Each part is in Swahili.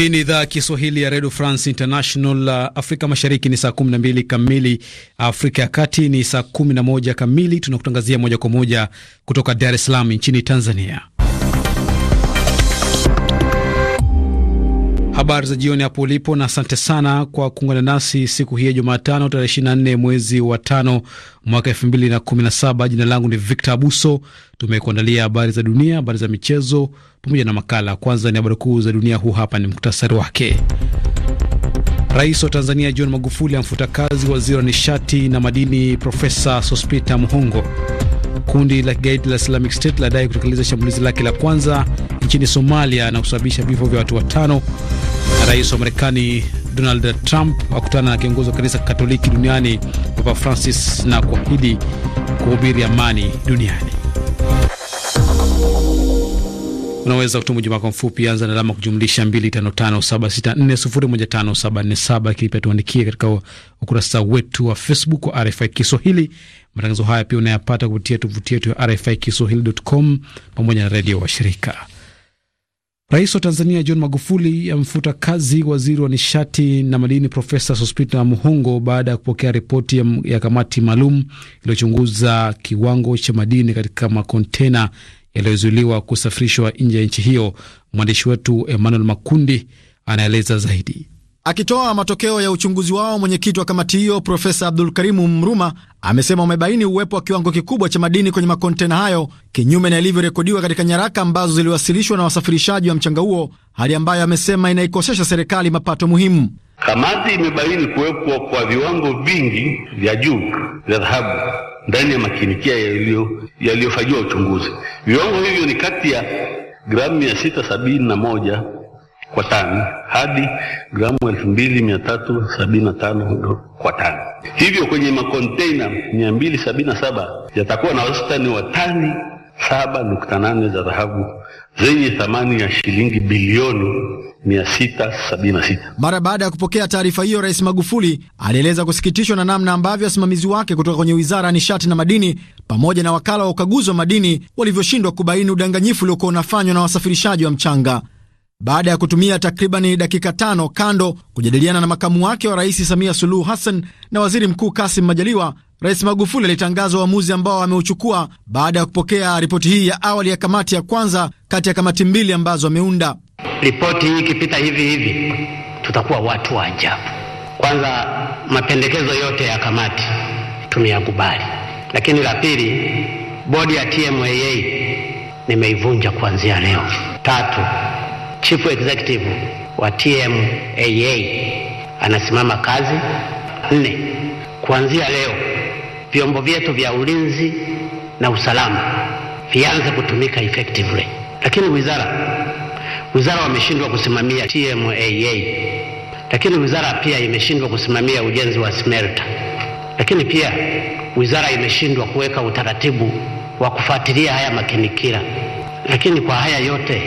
Hii ni idhaa ya Kiswahili ya redio France International. Afrika Mashariki ni saa 12 kamili, Afrika ya Kati ni saa moja kamili. Tunakutangazia moja kwa moja kutoka Dar es Salaam nchini Tanzania. Habari za jioni hapo ulipo, na asante sana kwa kuungana nasi siku hii ya Jumatano, tarehe 24 mwezi wa tano mwaka 2017. Jina langu ni Victor Abuso. Tumekuandalia habari za dunia, habari za michezo pamoja na makala. Kwanza ni habari kuu za dunia, huu hapa ni muktasari wake. Rais wa Tanzania John Magufuli amfuta kazi waziri wa nishati na madini Profesa Sospita Muhongo. Kundi la kigaidi la Islamic State ladai kutekeleza shambulizi lake la kwanza nchini Somalia na kusababisha vifo vya watu watano. Rais wa Marekani Donald Trump akutana na kiongozi wa kanisa Katoliki duniani Papa Francis na kuahidi kuhubiri amani duniani. Unaweza kutuma ujumbe wako mfupi, anza na alama kujumlisha 255764015747 ili pia tuandikie katika ukurasa wetu wa Facebook wa RFI Kiswahili. Matangazo haya pia unayapata kupitia tovuti yetu ya RFI Kiswahili.com pamoja na redio shirika. Rais wa Tanzania John Magufuli amfuta kazi waziri wa nishati na madini Profesa Sospeter Muhongo baada ya kupokea ripoti ya kamati maalum iliyochunguza kiwango cha madini katika makontena yaliyozuiliwa kusafirishwa nje ya nchi hiyo. Mwandishi wetu Emmanuel Makundi anaeleza zaidi. Akitoa matokeo ya uchunguzi wao, mwenyekiti wa kamati hiyo Profesa Abdul Karimu Mruma amesema wamebaini uwepo wa kiwango kikubwa cha madini kwenye makontena hayo, kinyume na ilivyorekodiwa katika nyaraka ambazo ziliwasilishwa na wasafirishaji wa mchanga huo, hali ambayo amesema inaikosesha serikali mapato muhimu. Kamati imebaini kuwepo kwa viwango vingi vya juu vya dhahabu ndani ya makinikia yaliyofanyiwa uchunguzi. Viwango hivyo ni kati ya gramu mia sita sabini na moja kwa tani hadi gramu elfu mbili mia tatu sabini na tano kwa tani. Hivyo kwenye makonteina mia mbili sabini na saba yatakuwa na wastani wa tani saba nukta nane za dhahabu zenye thamani ya shilingi bilioni 676. Mara baada ya kupokea taarifa hiyo, Rais Magufuli alieleza kusikitishwa na namna ambavyo wasimamizi wake kutoka kwenye Wizara ya Nishati na Madini pamoja na wakala wa ukaguzi wa madini walivyoshindwa kubaini udanganyifu uliokuwa unafanywa na wasafirishaji wa mchanga. Baada ya kutumia takribani dakika tano kando kujadiliana na makamu wake wa rais Samia Suluhu Hassan na waziri mkuu Kasim Majaliwa, Rais Magufuli alitangaza uamuzi ambao ameuchukua baada ya kupokea ripoti hii ya awali ya kamati ya kwanza kati ya kamati mbili ambazo ameunda. Ripoti hii ikipita hivi hivi, tutakuwa watu wa ajabu. Kwanza, mapendekezo yote ya kamati tumeyakubali, lakini la pili, bodi ya TMAA nimeivunja kuanzia leo. Tatu, chief executive wa TMAA anasimama kazi. Nne, kuanzia leo vyombo vyetu vya ulinzi na usalama vianze kutumika effectively. Lakini wizara wizara wameshindwa kusimamia TMAA, lakini wizara pia imeshindwa kusimamia ujenzi wa smelta, lakini pia wizara imeshindwa kuweka utaratibu wa kufuatilia haya makinikira. Lakini kwa haya yote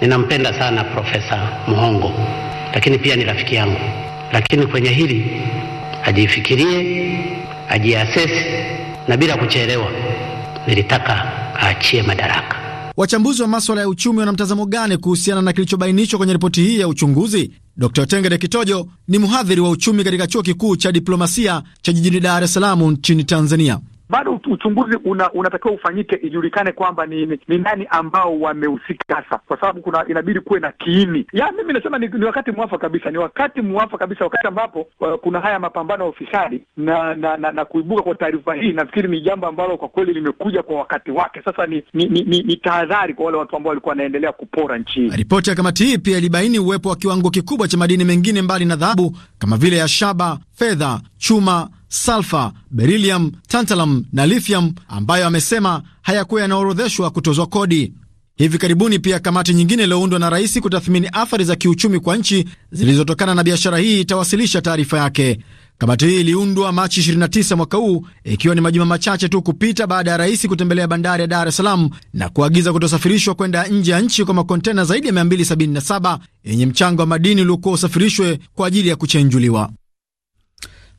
ninampenda sana Profesa Muhongo, lakini pia ni rafiki yangu, lakini kwenye hili ajifikirie ajiasesi na bila kuchelewa nilitaka aachie madaraka. Wachambuzi wa maswala ya uchumi wana mtazamo gani kuhusiana na kilichobainishwa kwenye ripoti hii ya uchunguzi? Dr Tengere Kitojo ni mhadhiri wa uchumi katika chuo kikuu cha diplomasia cha jijini Dar es Salaam nchini Tanzania bado uchunguzi una, unatakiwa ufanyike ijulikane kwamba ni, ni, ni nani ambao wamehusika hasa, kwa sababu kuna inabidi kuwe na kiini ya. Mimi nasema ni, ni wakati mwafaka kabisa, ni wakati mwafaka kabisa, wakati ambapo uh, kuna haya mapambano ya ufisadi na na, na, na kuibuka kwa taarifa hii, nafikiri ni jambo ambalo kwa kweli limekuja kwa wakati wake. Sasa ni, ni, ni, ni, ni tahadhari kwa wale watu ambao walikuwa wanaendelea kupora nchi hii. Ripoti ya kamati hii pia ilibaini uwepo wa kiwango kikubwa cha madini mengine mbali na dhahabu kama vile ya shaba, fedha, chuma salfa, berilium tantalum na lithium ambayo amesema hayakuwa yanaorodheshwa kutozwa kodi. Hivi karibuni pia kamati nyingine iliyoundwa na rais kutathmini athari za kiuchumi kwa nchi zilizotokana na biashara hii itawasilisha taarifa yake. Kamati hii iliundwa Machi 29 mwaka huu, ikiwa ni majuma machache tu kupita baada ya rais kutembelea bandari ya Dar es Salaam na kuagiza kutosafirishwa kwenda nje ya nchi kwa makontena zaidi ya 277 yenye mchango wa madini uliokuwa usafirishwe kwa ajili ya kuchenjuliwa.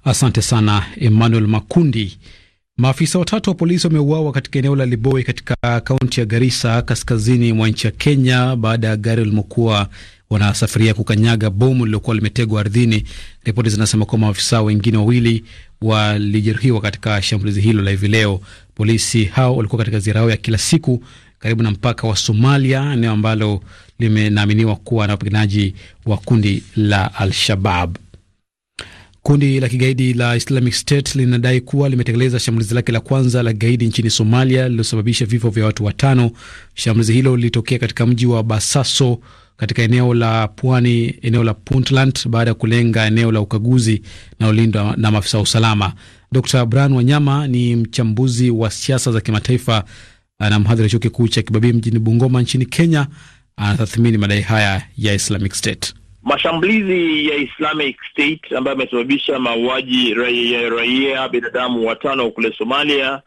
Asante sana Emmanuel Makundi. Maafisa watatu wa polisi wameuawa katika eneo la Liboi katika kaunti ya garisa kaskazini mwa nchi ya Kenya baada ya gari walimokuwa wanasafiria kukanyaga bomu lililokuwa limetegwa ardhini. Ripoti zinasema kuwa maafisa wengine wawili walijeruhiwa katika shambulizi hilo la hivi leo. Polisi hao walikuwa katika ziara yao ya kila siku karibu na mpaka wa Somalia, eneo ambalo limenaaminiwa kuwa na wapiganaji wa kundi la Al-Shabab. Kundi la kigaidi la Islamic State linadai kuwa limetekeleza shambulizi lake la kwanza la kigaidi nchini Somalia lililosababisha vifo vya watu watano. Shambulizi hilo lilitokea katika mji wa Basaso katika eneo la pwani, eneo la Puntland, baada ya kulenga eneo la ukaguzi linalolindwa na maafisa wa usalama. Dr Brian Wanyama ni mchambuzi wa siasa za kimataifa na mhadhiri wa chuo kikuu cha Kibabii mjini Bungoma nchini Kenya. Anatathmini madai haya ya Islamic State. Mashambulizi ya Islamic State ambayo yamesababisha mauaji ya raia binadamu watano kule Somalia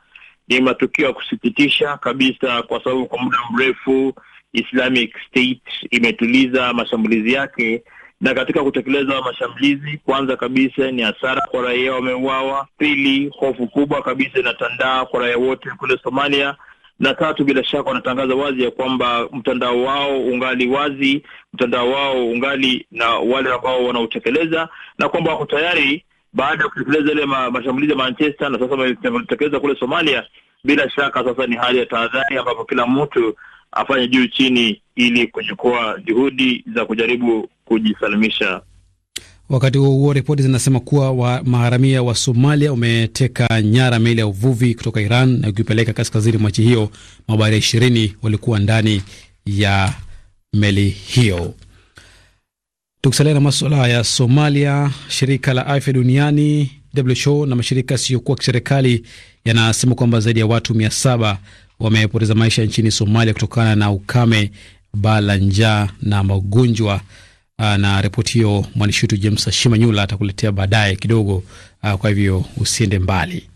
ni matukio ya kusikitisha kabisa, kwa sababu kwa muda mrefu Islamic State imetuliza mashambulizi yake, na katika kutekeleza mashambulizi, kwanza kabisa ni hasara kwa raia wameuawa. Pili, hofu kubwa kabisa inatandaa kwa raia wote kule Somalia na tatu, bila shaka wanatangaza wazi ya kwamba mtandao wao ungali wazi, mtandao wao ungali na wale ambao wanaotekeleza, na kwamba wako tayari baada ya kutekeleza ile mashambulizi ya Manchester na sasa wametekeleza kule Somalia. Bila shaka sasa ni hali ya tahadhari, ambapo kila mtu afanye juu chini ili kuchukua juhudi za kujaribu kujisalimisha Wakati huo huo, ripoti zinasema kuwa wa maharamia wa Somalia wameteka nyara meli ya uvuvi kutoka Iran na kuipeleka kaskazini mwa nchi hiyo. Mabaharia ishirini walikuwa ndani ya meli hiyo. Tukisalia na masuala ya Somalia, shirika la afya duniani WHO na mashirika yasiyokuwa kiserikali yanasema kwamba zaidi ya watu mia saba wamepoteza maisha nchini Somalia kutokana na ukame, baa la njaa na magonjwa Ah, na ripoti hiyo mwandishi wetu James Shimanyula atakuletea baadaye kidogo. Ah, kwa hivyo usiende mbali.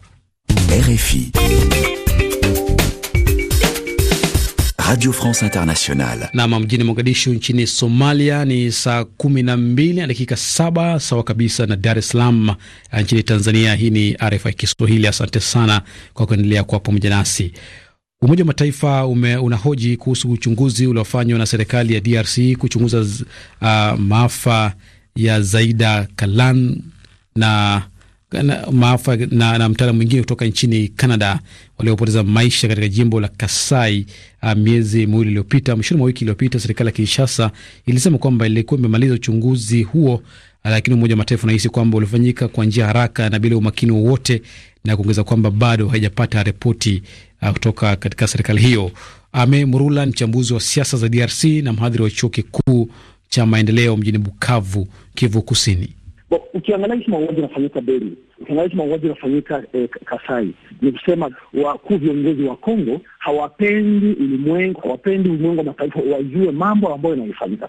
RFI Radio France Internationale. nam mjini Mogadishu nchini Somalia ni saa kumi na mbili na dakika saba sawa kabisa na Dar es Salaam ah, nchini Tanzania. Hii ni RFI Kiswahili. Asante sana kwa kuendelea kuwa pamoja nasi. Umoja wa Mataifa ume, unahoji kuhusu uchunguzi uliofanywa na serikali ya DRC kuchunguza uh, maafa ya Zaida Kalan na na, maafa na, na mtaalamu mwingine kutoka nchini Canada waliopoteza maisha katika jimbo la Kasai uh, miezi miwili iliyopita. Mwishoni mwa wiki iliyopita, serikali ya Kinshasa ilisema kwamba ilikuwa imemaliza uchunguzi huo, ah, lakini Umoja wa Mataifa unahisi kwamba ulifanyika kwa njia haraka na bila umakini wowote, na kuongeza kwamba bado haijapata ripoti uh, kutoka katika serikali hiyo. Ame Murula mchambuzi wa siasa za DRC na mhadhiri wa chuo kikuu cha maendeleo mjini Bukavu, Kivu Kusini. Ukiangalia hizi mauaji yanafanyika Beni utangazaji mauaji inafanyika eh, Kasai. Ni kusema wakuu viongozi wa Kongo hawapendi ulimwengu, hawapendi ulimwengu wa mataifa wajue mambo ambayo yanayofanyika.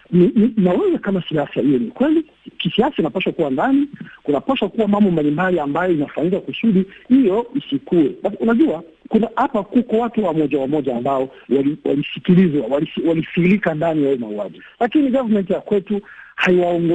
Nawaza kama siasa hiyo ni kweli, kisiasa inapaswa kuwa ndani, kunapaswa kuwa mambo mbalimbali ambayo inafanyika kusudi hiyo isikue. Unajua, kuna hapa kuko watu wamoja wamoja ambao walisikilizwa, walisilika ndani ya hiyo mauaji, lakini government ya kwetu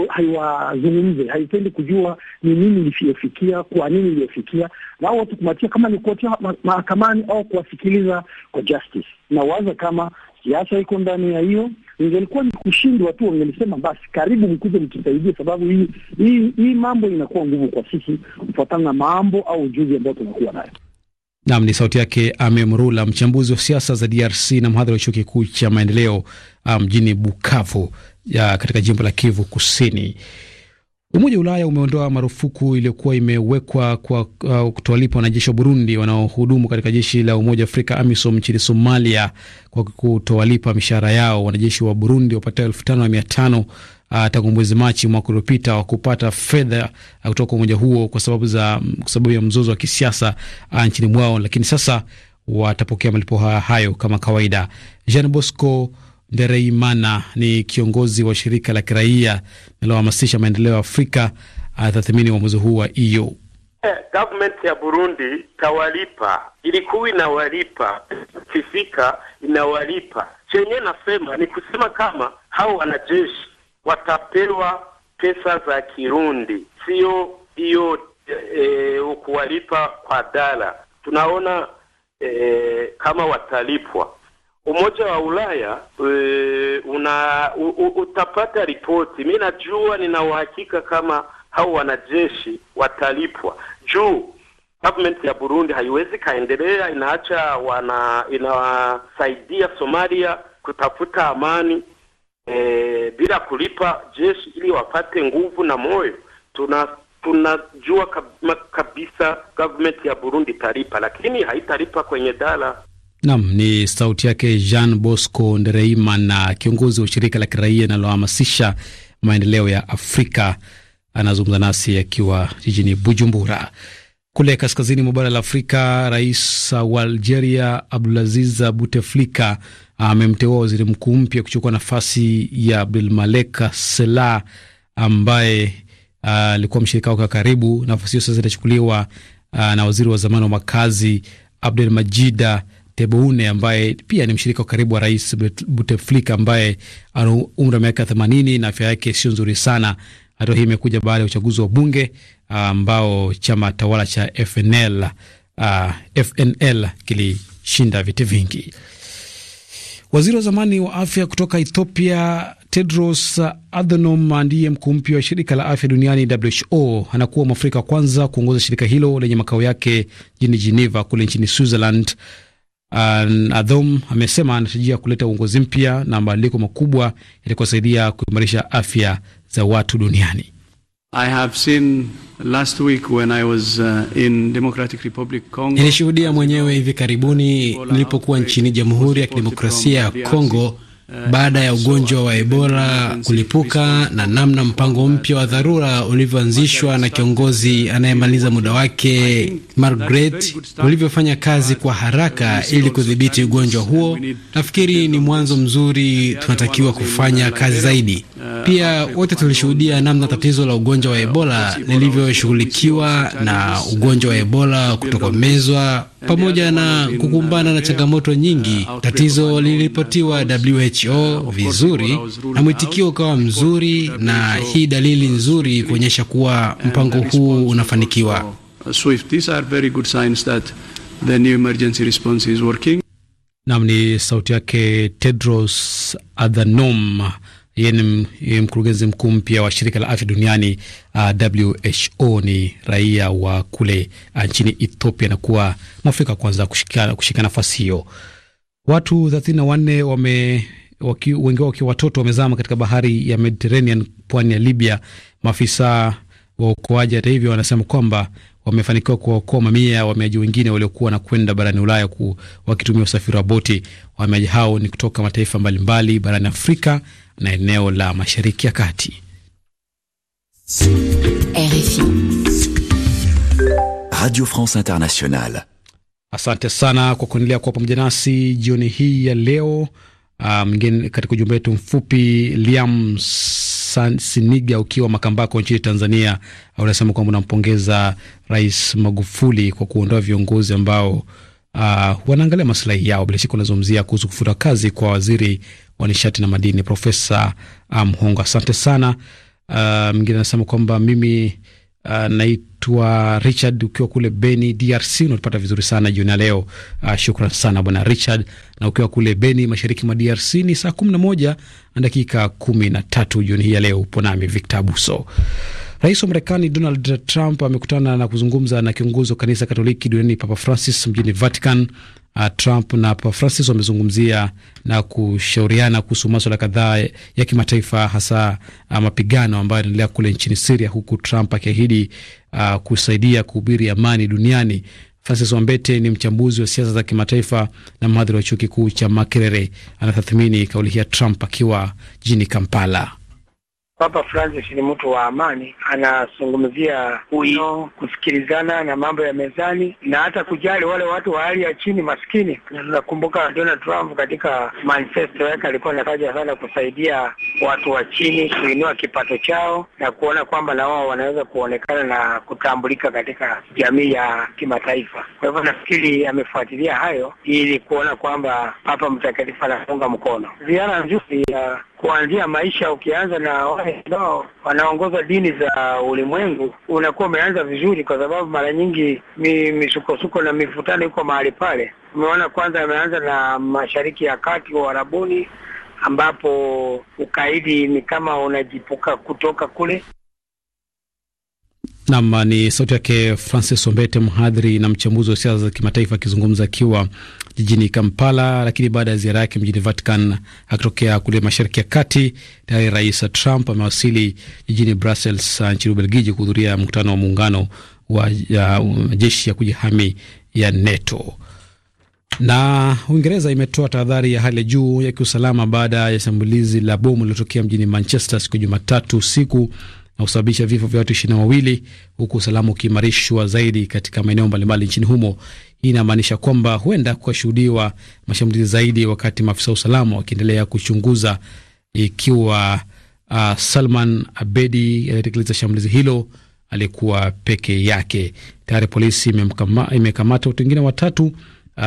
haiwazungumze, haipendi kujua ni nini iliyofikia, kwa nini iliyofikia, na au watu kumatia kama ni kuatia mahakamani au kuwasikiliza kwa justice. Na waza kama siasa iko ndani ya hiyo, ingelikuwa ni kushindwa tu, wangelisema basi, karibu mkuje mtusaidia, sababu hii hii hii mambo inakuwa nguvu kwa sisi kufuatana na mambo au ujuzi ambao tunakuwa nayo. Nam ni sauti yake Amemrula, mchambuzi wa siasa za DRC na mhadhiri wa chuo kikuu cha maendeleo ah, mjini um, Bukavu ya katika jimbo la Kivu Kusini. Umoja wa Ulaya umeondoa marufuku iliyokuwa imewekwa kwa uh, kutowalipa wanajeshi wa Burundi wanaohudumu katika jeshi la Umoja wa Afrika AMISOM nchini Somalia kwa kutowalipa mishahara yao. Wanajeshi wa Burundi wapatao elfu tano na mia tano uh, tangu mwezi Machi mwaka uliopita wa kupata fedha uh, kutoka kwa umoja huo kwa sababu za um, kwa sababu ya mzozo wa kisiasa uh, nchini mwao, lakini sasa watapokea malipo hayo kama kawaida. Jean Bosco Ndereimana ni kiongozi wa shirika la kiraia linalohamasisha maendeleo ya Afrika, atathimini uamuzi huu wa EU. Government ya Burundi tawalipa, ilikuwa inawalipa kifika, inawalipa chenye. Nasema ni kusema kama hao wanajeshi watapewa pesa za Kirundi, sio hiyo e, eh, eh, kuwalipa kwa dala. Tunaona e, kama watalipwa Umoja wa Ulaya e, una u, u, utapata ripoti. Mi najua nina uhakika kama hao wanajeshi watalipwa juu government ya Burundi haiwezi kaendelea, inaacha wana inawasaidia Somalia kutafuta amani e, bila kulipa jeshi ili wapate nguvu na moyo. Tuna tunajua kabisa government ya Burundi italipa, lakini haitalipa kwenye dala Nam ni sauti yake Jean Bosco Ndereima, na kiongozi wa shirika la kiraia linalohamasisha maendeleo ya Afrika anazungumza nasi akiwa jijini Bujumbura. Kule kaskazini mwa bara la Afrika, rais wa Algeria Abdulaziz Buteflika amemteua waziri mkuu mpya kuchukua nafasi ya Abdulmalek Sela ambaye uh, alikuwa uh, mshirika wake wa karibu. Nafasi hiyo sasa itachukuliwa uh, na waziri wa zamani wa makazi Abdul Majida Teboune ambaye pia ni mshirika wa karibu wa rais Bouteflika ambaye ana umri wa miaka themanini na afya yake sio nzuri sana. Hatua hii imekuja baada ya uchaguzi wa bunge ah, ambao chama tawala cha FNL, uh, ah, FNL kilishinda viti vingi. Waziri wa zamani wa afya kutoka Ethiopia Tedros Adhanom ndiye mkuu mpya wa shirika la afya duniani WHO. Anakuwa mwafrika wa kwanza kuongoza shirika hilo lenye makao yake jijini Geneva kule nchini Switzerland. Uh, Adhom amesema anatarajia kuleta uongozi mpya na mabadiliko makubwa yatakaosaidia kuimarisha afya za watu duniani. Uh, Nilishuhudia mwenyewe hivi karibuni nilipokuwa nchini Jamhuri ya Kidemokrasia ya Kongo baada ya ugonjwa wa Ebola kulipuka na namna mpango mpya wa dharura ulivyoanzishwa na kiongozi anayemaliza muda wake Margaret ulivyofanya kazi kwa haraka ili kudhibiti ugonjwa huo. Nafikiri ni mwanzo mzuri, tunatakiwa kufanya kazi zaidi. Pia wote tulishuhudia namna tatizo la ugonjwa wa Ebola lilivyoshughulikiwa na ugonjwa wa Ebola kutokomezwa pamoja na kukumbana na changamoto nyingi. Tatizo liliripotiwa WHO hicho uh, vizuri na mwitikio ukawa mzuri, na hii dalili nzuri kuonyesha kuwa mpango huu unafanikiwa. Uh, Nam ni sauti yake Tedros Adhanom, yeye ni mkurugenzi mkuu mpya wa shirika la afya duniani uh, WHO. Ni raia wa kule uh, nchini Ethiopia na kuwa mwafrika kwanza kushika, kushika nafasi hiyo. Watu thelathini na wanne wame waki, wengi wakiwa watoto wamezama katika bahari ya Mediterranean, pwani ya Libya. Maafisa waokoaji hata hivyo wanasema kwamba wamefanikiwa kuwaokoa mamia ya wahamiaji wengine waliokuwa na kwenda barani Ulaya wakitumia usafiri wa boti. Wahamiaji hao ni kutoka mataifa mbalimbali barani Afrika na eneo la Mashariki ya Kati. RFI, Radio France Internationale. Asante sana kwa kuendelea kuwa pamoja nasi jioni hii ya leo. Ah, mwingine um, katika ujumbe wetu mfupi Liam San, Siniga ukiwa Makambako nchini Tanzania unasema kwamba unampongeza Rais Magufuli kwa kuondoa viongozi ambao uh, wanaangalia maslahi yao. Bila shaka unazungumzia kuhusu kufuta kazi kwa waziri wa nishati na madini Profesa ah, Mhongo. Um, asante sana. Mwingine anasema kwamba mimi Uh, naitwa Richard ukiwa kule Beni DRC, unatupata vizuri sana jioni ya leo. Uh, shukran sana bwana Richard, na ukiwa kule Beni mashariki mwa DRC ni saa kumi na moja na dakika kumi na tatu jioni hii ya leo, upo nami Victor Abuso. Rais wa Marekani Donald Trump amekutana na kuzungumza na kiongozi wa kanisa Katoliki duniani Papa Francis mjini Vatican uh, Trump na Papa Francis wamezungumzia na kushauriana kuhusu maswala kadhaa ya kimataifa, hasa uh, mapigano ambayo yanaendelea kule nchini Siria, huku Trump akiahidi uh, kusaidia kuhubiri amani duniani. Francis Wambete ni mchambuzi wa siasa za kimataifa na mhadhiri wa chuo kikuu cha Makerere. Anatathmini kauli hii ya Trump akiwa jijini Kampala. Papa Francis ni mtu wa amani, anazungumzia uwiano, kusikilizana na mambo ya mezani na hata kujali wale watu wa hali ya chini maskini. Tunakumbuka Donald Trump katika manifesto yake alikuwa anataja sana kusaidia watu wa chini, kuinua kipato chao na kuona kwamba na wao wanaweza kuonekana na kutambulika katika jamii ya kimataifa. Kwa hivyo nafikiri amefuatilia hayo ili kuona kwamba Papa Mtakatifu anaunga mkono ziara nzuri ya kuanzia maisha. Ukianza na wale ambao wanaongoza dini za ulimwengu, unakuwa umeanza vizuri, kwa sababu mara nyingi mi, misukosuko na mivutano iko mahali pale. Umeona, kwanza ameanza na Mashariki ya Kati wa Arabuni, ambapo ukaidi ni kama unajipuka kutoka kule. Nam ni sauti yake Francis Ombete, mhadhiri na mchambuzi wa siasa za kimataifa akizungumza akiwa jijini Kampala, lakini baada ya ziara yake mjini Vatican akitokea kule mashariki ya kati, tayari Rais Trump amewasili jijini Brussels uh, nchini Ubelgiji kuhudhuria mkutano wa muungano wa majeshi uh, ya kujihami ya NATO. Na Uingereza imetoa tahadhari ya hali ya juu ya kiusalama baada ya shambulizi la bomu lililotokea mjini Manchester siku ya Jumatatu usiku na kusababisha vifo vya watu ishirini na wawili huku usalama ukiimarishwa zaidi katika maeneo mbalimbali nchini humo. Hii inamaanisha kwamba huenda kukashuhudiwa mashambulizi zaidi, wakati maafisa wa usalama wakiendelea kuchunguza ikiwa uh, Salman Abedi aliyetekeleza shambulizi hilo alikuwa peke yake. Tayari polisi imekamata watu wengine watatu uh,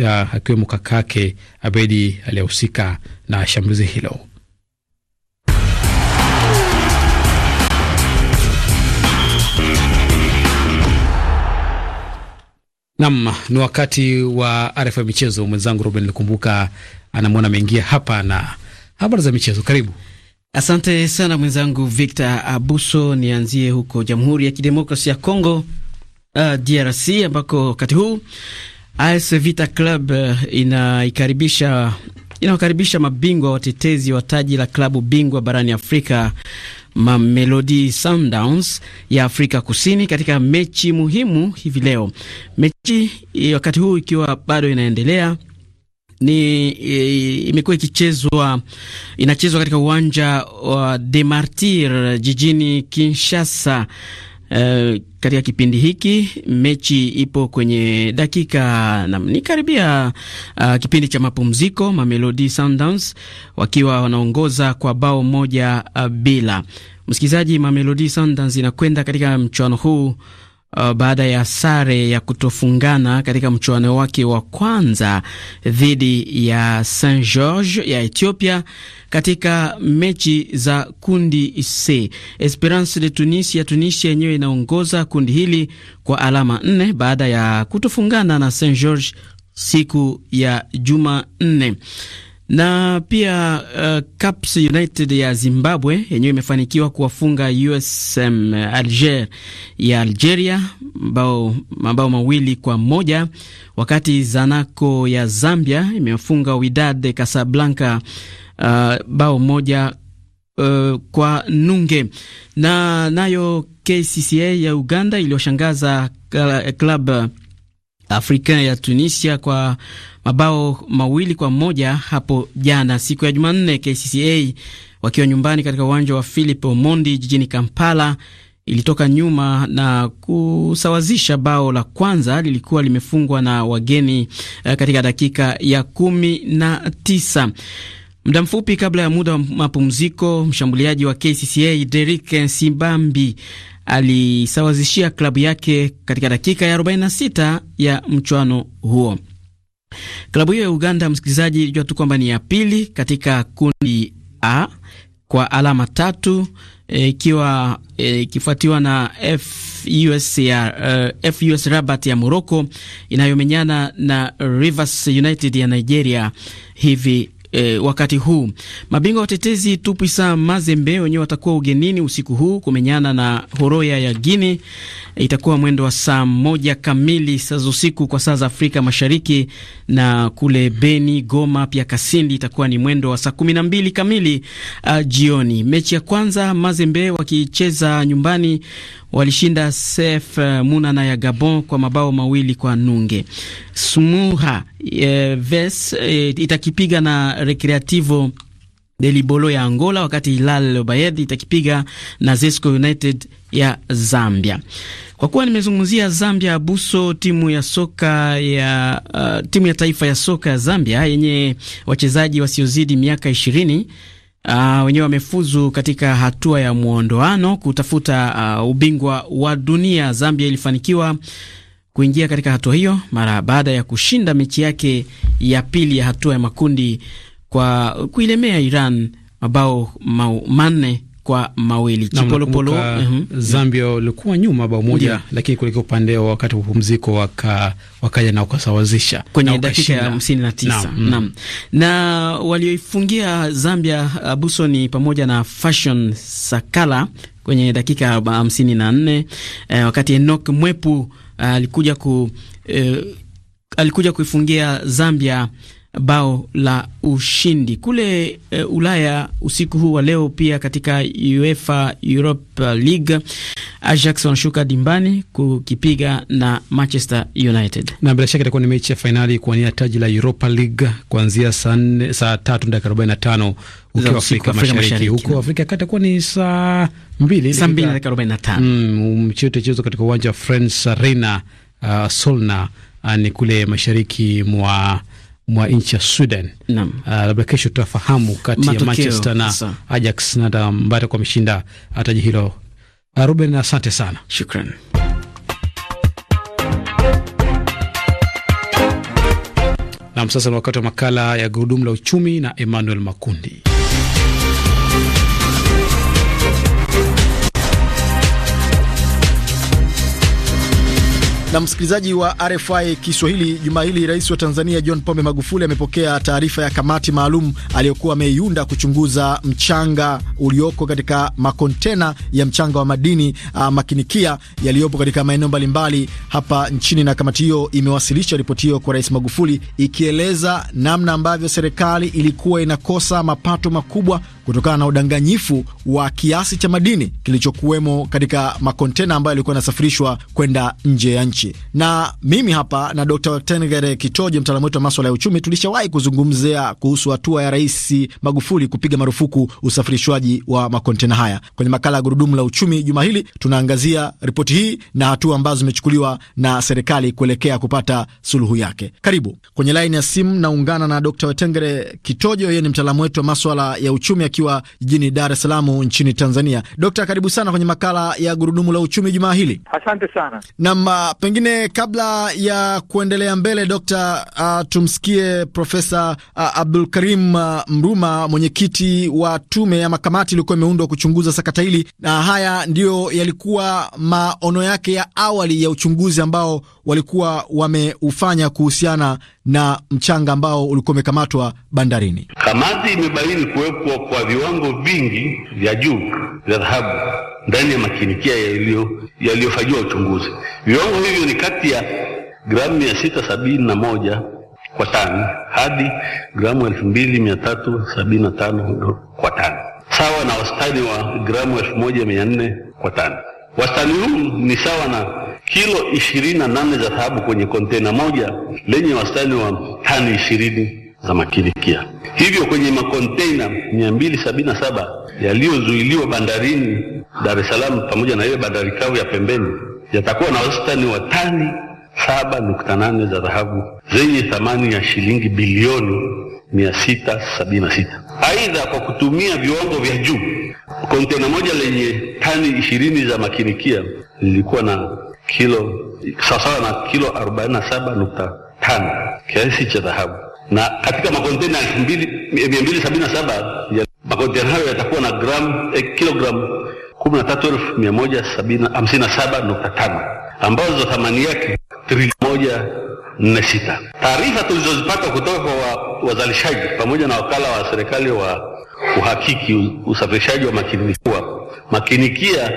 uh, akiwemo kakake Abedi aliyehusika na shambulizi hilo. Nam, ni wakati wa RFI michezo. Mwenzangu Ruben Likumbuka anamwona ameingia hapa na habari za michezo. Karibu. Asante sana mwenzangu Victor Abuso. Nianzie huko Jamhuri ya Kidemokrasia ya congo uh, DRC ambako wakati huu AS Vita Club uh, inaikaribisha inawakaribisha mabingwa watetezi wa taji la klabu bingwa barani Afrika Mamelodi Sundowns ya Afrika Kusini katika mechi muhimu hivi leo. Mechi e, wakati huu ikiwa bado inaendelea ni e, imekuwa ikichezwa inachezwa katika uwanja wa demartir jijini Kinshasa Eh, katika kipindi hiki mechi ipo kwenye dakika na ni karibia uh, ah, kipindi cha mapumziko. Mamelodi Sundowns wakiwa wanaongoza kwa bao moja uh, bila. Msikilizaji, Mamelodi Sundowns inakwenda katika mchuano huu uh, baada ya sare ya kutofungana katika mchuano wake wa kwanza dhidi ya Saint George ya Ethiopia katika mechi za kundi C. Esperance de Tunis ya Tunisia yenyewe inaongoza kundi hili kwa alama nne baada ya kutofungana na Saint George siku ya Jumanne. Na pia uh, Caps United ya Zimbabwe yenyewe imefanikiwa kuwafunga USM uh, Alger ya Algeria mabao mawili kwa moja, wakati Zanaco ya Zambia imefunga Wydad Casablanca uh, bao moja uh, kwa nunge. Na nayo KCCA ya Uganda iliyoshangaza klabu uh, uh, Africain ya Tunisia kwa mabao mawili kwa moja hapo jana siku ya Jumanne, KCCA wakiwa nyumbani katika uwanja wa Philip Omondi jijini Kampala ilitoka nyuma na kusawazisha. Bao la kwanza lilikuwa limefungwa na wageni eh, katika dakika ya kumi na tisa. Muda mfupi kabla ya muda wa mapumziko, mshambuliaji wa KCCA Derik Simbambi alisawazishia klabu yake katika dakika ya 46 ya mchuano huo. Klabu hiyo ya Uganda, msikilizaji, jua tu kwamba ni ya pili katika kundi A kwa alama tatu eh, ikiwa e, ikifuatiwa e, na FUS ya uh, eh, FUS Rabat ya Morocco inayomenyana na Rivers United ya Nigeria hivi e, wakati huu mabingwa watetezi Tupwisa Mazembe wenyewe watakuwa ugenini usiku huu kumenyana na Horoya ya E, Itakuwa mwendo wa saa moja kamili saa za usiku kwa saa za Afrika Mashariki, na kule Beni, Goma pia Kasindi itakuwa ni mwendo wa saa kumi na mbili kamili a, uh, jioni. Mechi ya kwanza Mazembe wakicheza nyumbani walishinda Sef uh, Munana ya Gabon kwa mabao mawili kwa nunge. Smuha e, eh, Ves e, eh, itakipiga na Recreativo de Libolo ya Angola, wakati Hilal Obayed itakipiga na Zesco United ya Zambia. Kwa kuwa nimezungumzia Zambia, Abuso, timu ya soka ya uh, timu ya taifa ya soka ya Zambia yenye wachezaji wasiozidi miaka ishirini uh, wenyewe wamefuzu katika hatua ya mwondoano kutafuta uh, ubingwa wa dunia. Zambia ilifanikiwa kuingia katika hatua hiyo mara baada ya kushinda mechi yake ya pili ya hatua ya makundi kwa kuilemea Iran mabao manne kwa mawili. Chipolopolo mhm. Zambia walikuwa nyuma bao moja yeah, lakini kuelekea upande wa wakati wa pumziko waka, wakaja na wakasawazisha kwenye dakika ya hamsini na tisa na, mm. na walioifungia Zambia abuso uh, ni pamoja na Fashion Sakala kwenye dakika hamsini na nne eh, wakati Enok Mwepu Ah, alikuja ku eh, alikuja kuifungia Zambia bao la ushindi kule eh, Ulaya usiku huu wa leo. Pia katika UEFA Europe League Ajax wanashuka dimbani kukipiga na Manchester United, na bila shaka itakuwa ni mechi ya fainali kuwania taji la Europa League kuanzia saa tatu dakika arobaini na tano ukiwa Afrika, Afrika Mashariki, huko Afrika kati ni saa mbili saa mbili dakika arobaini na tano mm, mchezo utachezwa katika uwanja wa Arena uh, Solna uh, ni kule mashariki mwa mwa nchi ya Naam. Uh, kesho tutafahamu kati ya Manchester na sa. Ajax na kwa mshinda uh, hilo. Uh, Ruben, asante sana, shukran. Nam, sasa ni wakati wa makala ya gurudumu la uchumi na Emmanuel Makundi. Na msikilizaji wa RFI Kiswahili, juma hili rais wa Tanzania John Pombe Magufuli amepokea taarifa ya kamati maalum aliyokuwa ameiunda kuchunguza mchanga ulioko katika makontena ya mchanga wa madini a, ah, makinikia yaliyopo katika maeneo mbalimbali hapa nchini, na kamati hiyo imewasilisha ripoti hiyo kwa Rais Magufuli ikieleza namna ambavyo serikali ilikuwa inakosa mapato makubwa kutokana na udanganyifu wa kiasi cha madini kilichokuwemo katika makontena ambayo yalikuwa yanasafirishwa kwenda nje ya nchi nchi. Na mimi hapa na Dr. Tengere Kitoje, mtaalamu wetu wa maswala ya uchumi, tulishawahi kuzungumzia kuhusu hatua ya Rais Magufuli kupiga marufuku usafirishwaji wa makontena haya. Kwenye makala ya Gurudumu la Uchumi juma hili tunaangazia ripoti hii na hatua ambazo zimechukuliwa na serikali kuelekea kupata suluhu yake. Karibu kwenye laini ya simu, naungana na Dr. Tengere Kitoje, yeye ni mtaalamu wetu wa maswala ya uchumi akiwa jijini Dar es Salaam nchini Tanzania. Dokta, karibu sana kwenye makala ya Gurudumu la Uchumi jumaa hili. Asante sana. Uh, Pengine kabla ya kuendelea mbele, Dokta, uh, tumsikie Profesa uh, Abdul Karim uh, Mruma, mwenyekiti wa tume ya makamati iliyokuwa imeundwa kuchunguza sakata hili, na haya ndiyo yalikuwa maono yake ya awali ya uchunguzi ambao walikuwa wameufanya kuhusiana na mchanga ambao ulikuwa umekamatwa bandarini. Kamati imebaini kuwepo kwa viwango vingi vya juu vya dhahabu ndani ya makinikia yaliyofanyiwa uchunguzi. Viwango hivyo ni kati ya gramu mia sita sabini na moja kwa tani hadi gramu elfu mbili mia tatu sabini na tano kwa tani, sawa na wastani wa gramu elfu moja mia nne kwa tani. Wastani huu ni sawa na kilo ishirini na nane za dhahabu kwenye kontena moja lenye wastani wa tani ishirini za makinikia. Hivyo kwenye makontena 277 yaliyozuiliwa bandarini Dar es Salaam pamoja na ile bandari kavu ya pembeni yatakuwa na wastani wa tani 7.8 za dhahabu zenye thamani ya shilingi bilioni 676. Aidha, kwa kutumia viwango vya juu, kontena moja lenye tani 20 za makinikia lilikuwa na kilo sawasawa na kilo 47.5 kiasi cha dhahabu, na katika makontena 2277 makontena hayo yatakuwa na gramu, eh, kilogramu 13157.5 ambazo thamani yake trilioni sita. Taarifa tulizozipata kutoka kwa wazalishaji pamoja na wakala wa serikali wa uhakiki usafirishaji wa makinikia, makinikia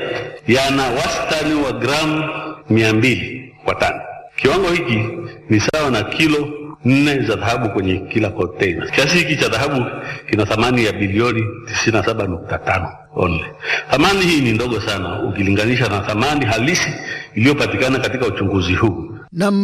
yana wastani wa gramu 200 kwa tani. Kiwango hiki ni sawa na kilo nne za dhahabu kwenye kila container. Kiasi hiki cha dhahabu kina thamani ya bilioni 97.5 only. Thamani hii ni ndogo sana ukilinganisha na thamani halisi iliyopatikana katika uchunguzi huu. Nam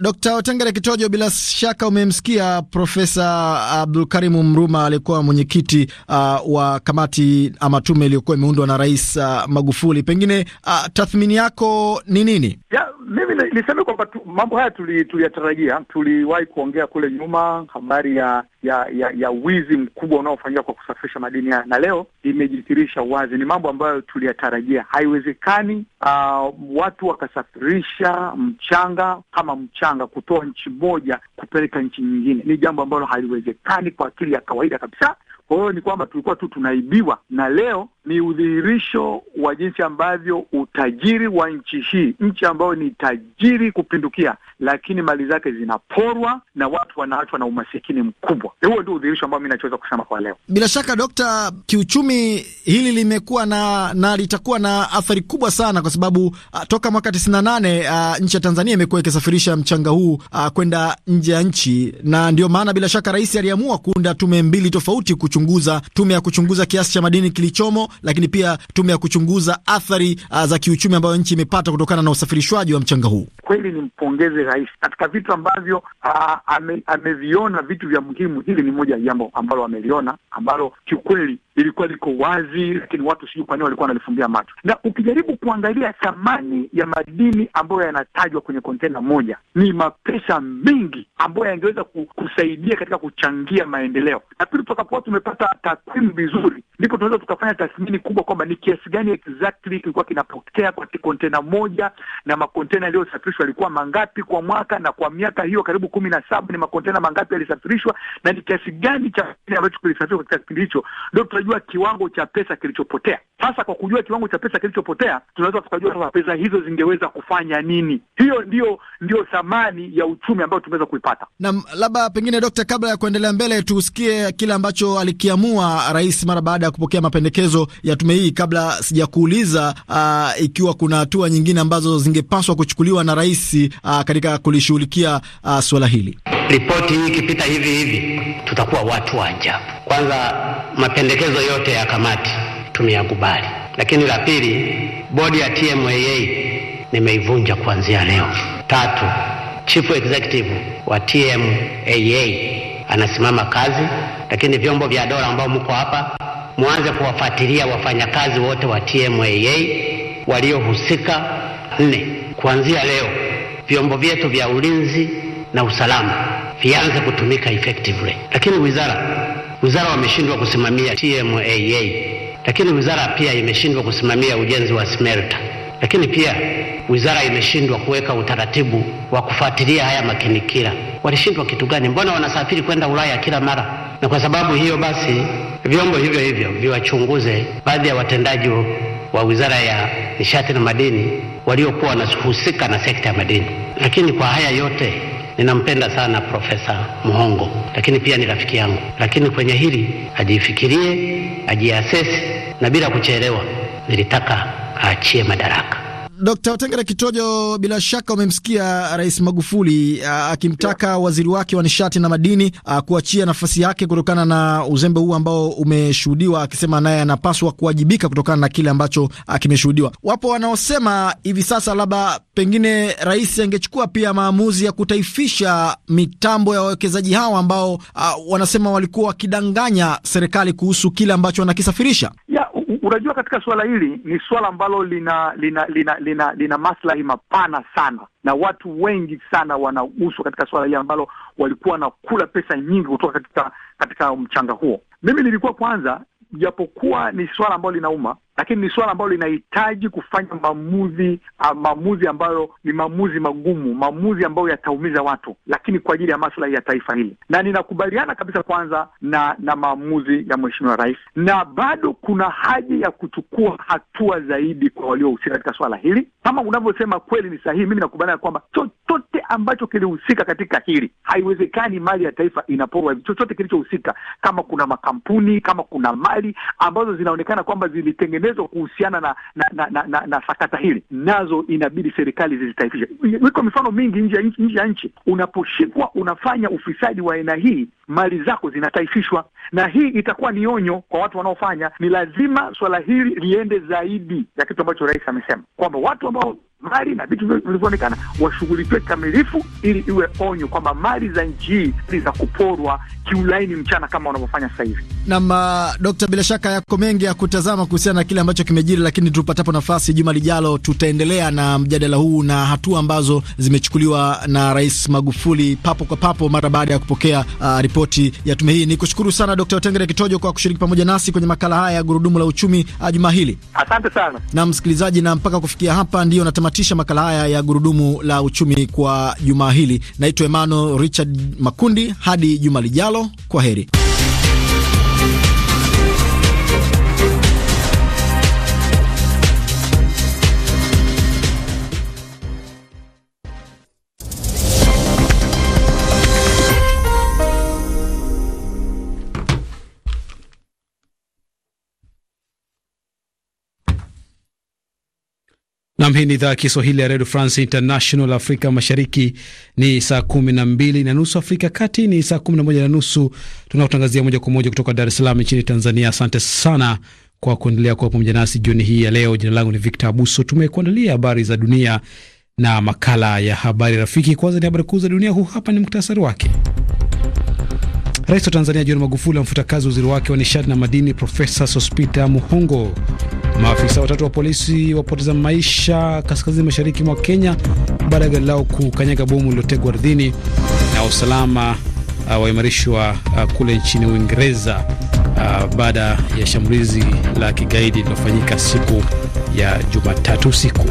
Dkt. Wetengere Kitojo, bila shaka umemsikia Profesa karimu Mruma aliyekuwa mwenyekiti uh, wa kamati ama tume iliyokuwa imeundwa na Rais uh, Magufuli. Pengine uh, tathmini yako ni nini? mimi niseme kwamba mambo haya tuliyatarajia, tuli tuliwahi kuongea kule nyuma habari ya ya ya, ya wizi mkubwa unaofanyika kwa kusafirisha madini haya, na leo imejithirisha wazi. Ni mambo ambayo tuliyatarajia. Haiwezekani uh, watu wakasafirisha mchanga kama mchanga kutoa nchi moja kupeleka nchi nyingine. Ni jambo ambalo haliwezekani kwa akili ya kawaida kabisa kwa hiyo ni kwamba tulikuwa tu tunaibiwa, na leo ni udhihirisho wa jinsi ambavyo utajiri wa nchi hii, nchi ambayo ni tajiri kupindukia, lakini mali zake zinaporwa na watu wanaachwa na umasikini mkubwa. Huo ndio udhihirisho ambao mi nachoweza kusema kwa leo. Bila shaka, Dokta, kiuchumi hili limekuwa na na litakuwa na athari kubwa sana, kwa sababu a, uh, toka mwaka tisini na nane uh, nchi ya Tanzania imekuwa ikisafirisha mchanga huu uh, kwenda nje ya nchi, na ndio maana bila shaka rais aliamua kuunda tume mbili tofauti kuchu kuchunguza tume ya kuchunguza kiasi cha madini kilichomo, lakini pia tume ya kuchunguza athari ah, za kiuchumi ambayo nchi imepata kutokana na usafirishwaji wa mchanga huu. Kweli ni mpongeze rais katika vitu ambavyo aa, ah, ame, ameviona vitu vya muhimu. Hili ni moja ya jambo ambalo ameliona ambalo kiukweli ilikuwa liko wazi, lakini watu sijui kwa nini walikuwa wanalifumbia macho. Na ukijaribu kuangalia thamani ya madini ambayo yanatajwa kwenye kontena moja, ni mapesa mengi ambayo yangeweza kusaidia katika kuchangia maendeleo. pili, tutakapokuwa tumepata takwimu vizuri, ndipo tunaweza tukafanya tathmini kubwa kwamba ni kiasi gani exactly kilikuwa kinapokea kwa kontena moja, na makontena yaliyosafirishwa yalikuwa mangapi kwa mwaka, na kwa miaka hiyo karibu kumi na saba ni makontena mangapi yalisafirishwa, na ni kiasi gani cha ambacho kilisafirishwa katika kipindi hicho, ndio anajua kiwango cha pesa kilichopotea sasa kwa kujua kiwango cha pesa kilichopotea, tunaweza tukajua sasa pesa hizo zingeweza kufanya nini. Hiyo ndiyo ndio thamani ya uchumi ambayo tumeweza kuipata. Naam, labda pengine Dokta, kabla ya kuendelea mbele, tusikie kile ambacho alikiamua rais mara baada ya kupokea mapendekezo ya tume hii, kabla sijakuuliza uh, ikiwa kuna hatua nyingine ambazo zingepaswa kuchukuliwa na rais uh, katika kulishughulikia uh, suala hili. Ripoti hii ikipita hivi hivi, tutakuwa watu wa ajabu. Kwanza mapendekezo yote ya kamati tumeyakubali. Lakini la pili, bodi ya TMAA nimeivunja kuanzia leo. Tatu, chief executive wa TMAA anasimama kazi, lakini vyombo vya dola ambao mko hapa mwanze kuwafuatilia wafanyakazi wote wa TMAA waliohusika. Nne, kuanzia leo vyombo vyetu vya ulinzi na usalama vianze kutumika effectively. Lakini wizara wizara wameshindwa kusimamia TMAA lakini wizara pia imeshindwa kusimamia ujenzi wa smelta, lakini pia wizara imeshindwa kuweka utaratibu wa kufuatilia haya makinikira. Walishindwa kitu gani? Mbona wanasafiri kwenda Ulaya kila mara? Na kwa sababu hiyo basi vyombo hivyo hivyo viwachunguze baadhi ya watendaji wa wizara ya nishati na madini waliokuwa wanahusika na sekta ya madini. Lakini kwa haya yote Ninampenda sana Profesa Muhongo, lakini pia ni rafiki yangu, lakini kwenye hili ajifikirie, ajiasesi na bila kuchelewa, nilitaka aachie madaraka. Dkt. Watengera Kitojo, bila shaka umemsikia Rais Magufuli akimtaka waziri wake wa nishati na madini kuachia nafasi yake kutokana na uzembe huu ambao umeshuhudiwa, akisema naye anapaswa kuwajibika kutokana na kile ambacho kimeshuhudiwa. Wapo wanaosema hivi sasa labda pengine rais angechukua pia maamuzi ya kutaifisha mitambo ya wawekezaji hawa ambao a, wanasema walikuwa wakidanganya serikali kuhusu kile ambacho wanakisafirisha. Unajua, katika suala hili ni suala ambalo lina lina lina lina, lina maslahi mapana sana, na watu wengi sana wanaguswa katika suala hili ambalo walikuwa wanakula pesa nyingi kutoka katika katika mchanga huo. Mimi nilikuwa kwanza, japokuwa ni suala ambalo linauma, lakini ni suala ambalo linahitaji kufanya maamuzi ah, maamuzi ambayo ni maamuzi magumu, maamuzi ambayo yataumiza watu, lakini kwa ajili ya maslahi ya taifa hili. Na ninakubaliana kabisa kwanza na na maamuzi ya mheshimiwa rais, na bado kuna haja ya kuchukua hatua zaidi kwa waliohusika katika swala hili. Kama unavyosema kweli, ni sahihi, mimi nakubaliana kwamba chochote ambacho kilihusika katika hili, haiwezekani mali ya taifa inaporwa hivi. Chochote kilichohusika, kama kuna makampuni, kama kuna mali ambazo zinaonekana kwamba zilitengenezwa nyinginezo kuhusiana na na, na, na, na na sakata hili nazo inabidi serikali zizitaifishe. Iko mifano mingi nje ya nchi, unaposhikwa unafanya ufisadi wa aina hii, mali zako zinataifishwa, na hii itakuwa ni onyo kwa watu wanaofanya. Ni lazima swala hili liende zaidi ya kitu ambacho rais amesema kwamba watu ambao mali na vitu vilivyoonekana washughulikiwe kikamilifu, ili iwe onyo kwamba mali za nchi hii za kuporwa kiulaini mchana kama wanavyofanya sasa hivi. Nam uh, Dokta, bila shaka yako mengi ya kutazama kuhusiana na kile ambacho kimejiri, lakini tupatapo nafasi juma lijalo tutaendelea na mjadala huu na hatua ambazo zimechukuliwa na Rais Magufuli papo kwa papo mara baada ya kupokea uh, ripoti ya tume hii. Ni kushukuru sana Dokta Otengere Kitojo kwa kushiriki pamoja nasi kwenye makala haya ya Gurudumu la Uchumi uh, juma hili. Asante sana na msikilizaji, na mpaka kufikia hapa ndiyo natamati kutamatisha makala haya ya gurudumu la uchumi kwa jumaa hili. Naitwa Emmanuel Richard Makundi, hadi juma lijalo, kwa heri. Nam, hii ni idhaa ya Kiswahili ya redio France International. Afrika Mashariki ni saa kumi na mbili na nusu, Afrika Kati ni saa kumi na moja na nusu. Tunakutangazia moja kwa moja kutoka Dar es Salaam nchini Tanzania. Asante sana kwa kuendelea kuwa pamoja nasi jioni hii ya leo. Jina langu ni Victor Abuso. Tumekuandalia habari za dunia na makala ya habari rafiki. Kwanza ni habari kuu za dunia, huu hapa ni muktasari wake. Rais wa Tanzania John Magufuli amfuta kazi waziri wake wa nishati na madini Profesa Sospita Muhongo. Maafisa watatu wa polisi wapoteza maisha kaskazini mashariki mwa Kenya baada ya gari lao kukanyaga bomu lililotegwa ardhini. Na usalama uh, waimarishwa uh, kule nchini Uingereza uh, baada ya shambulizi la kigaidi lililofanyika siku ya Jumatatu usiku.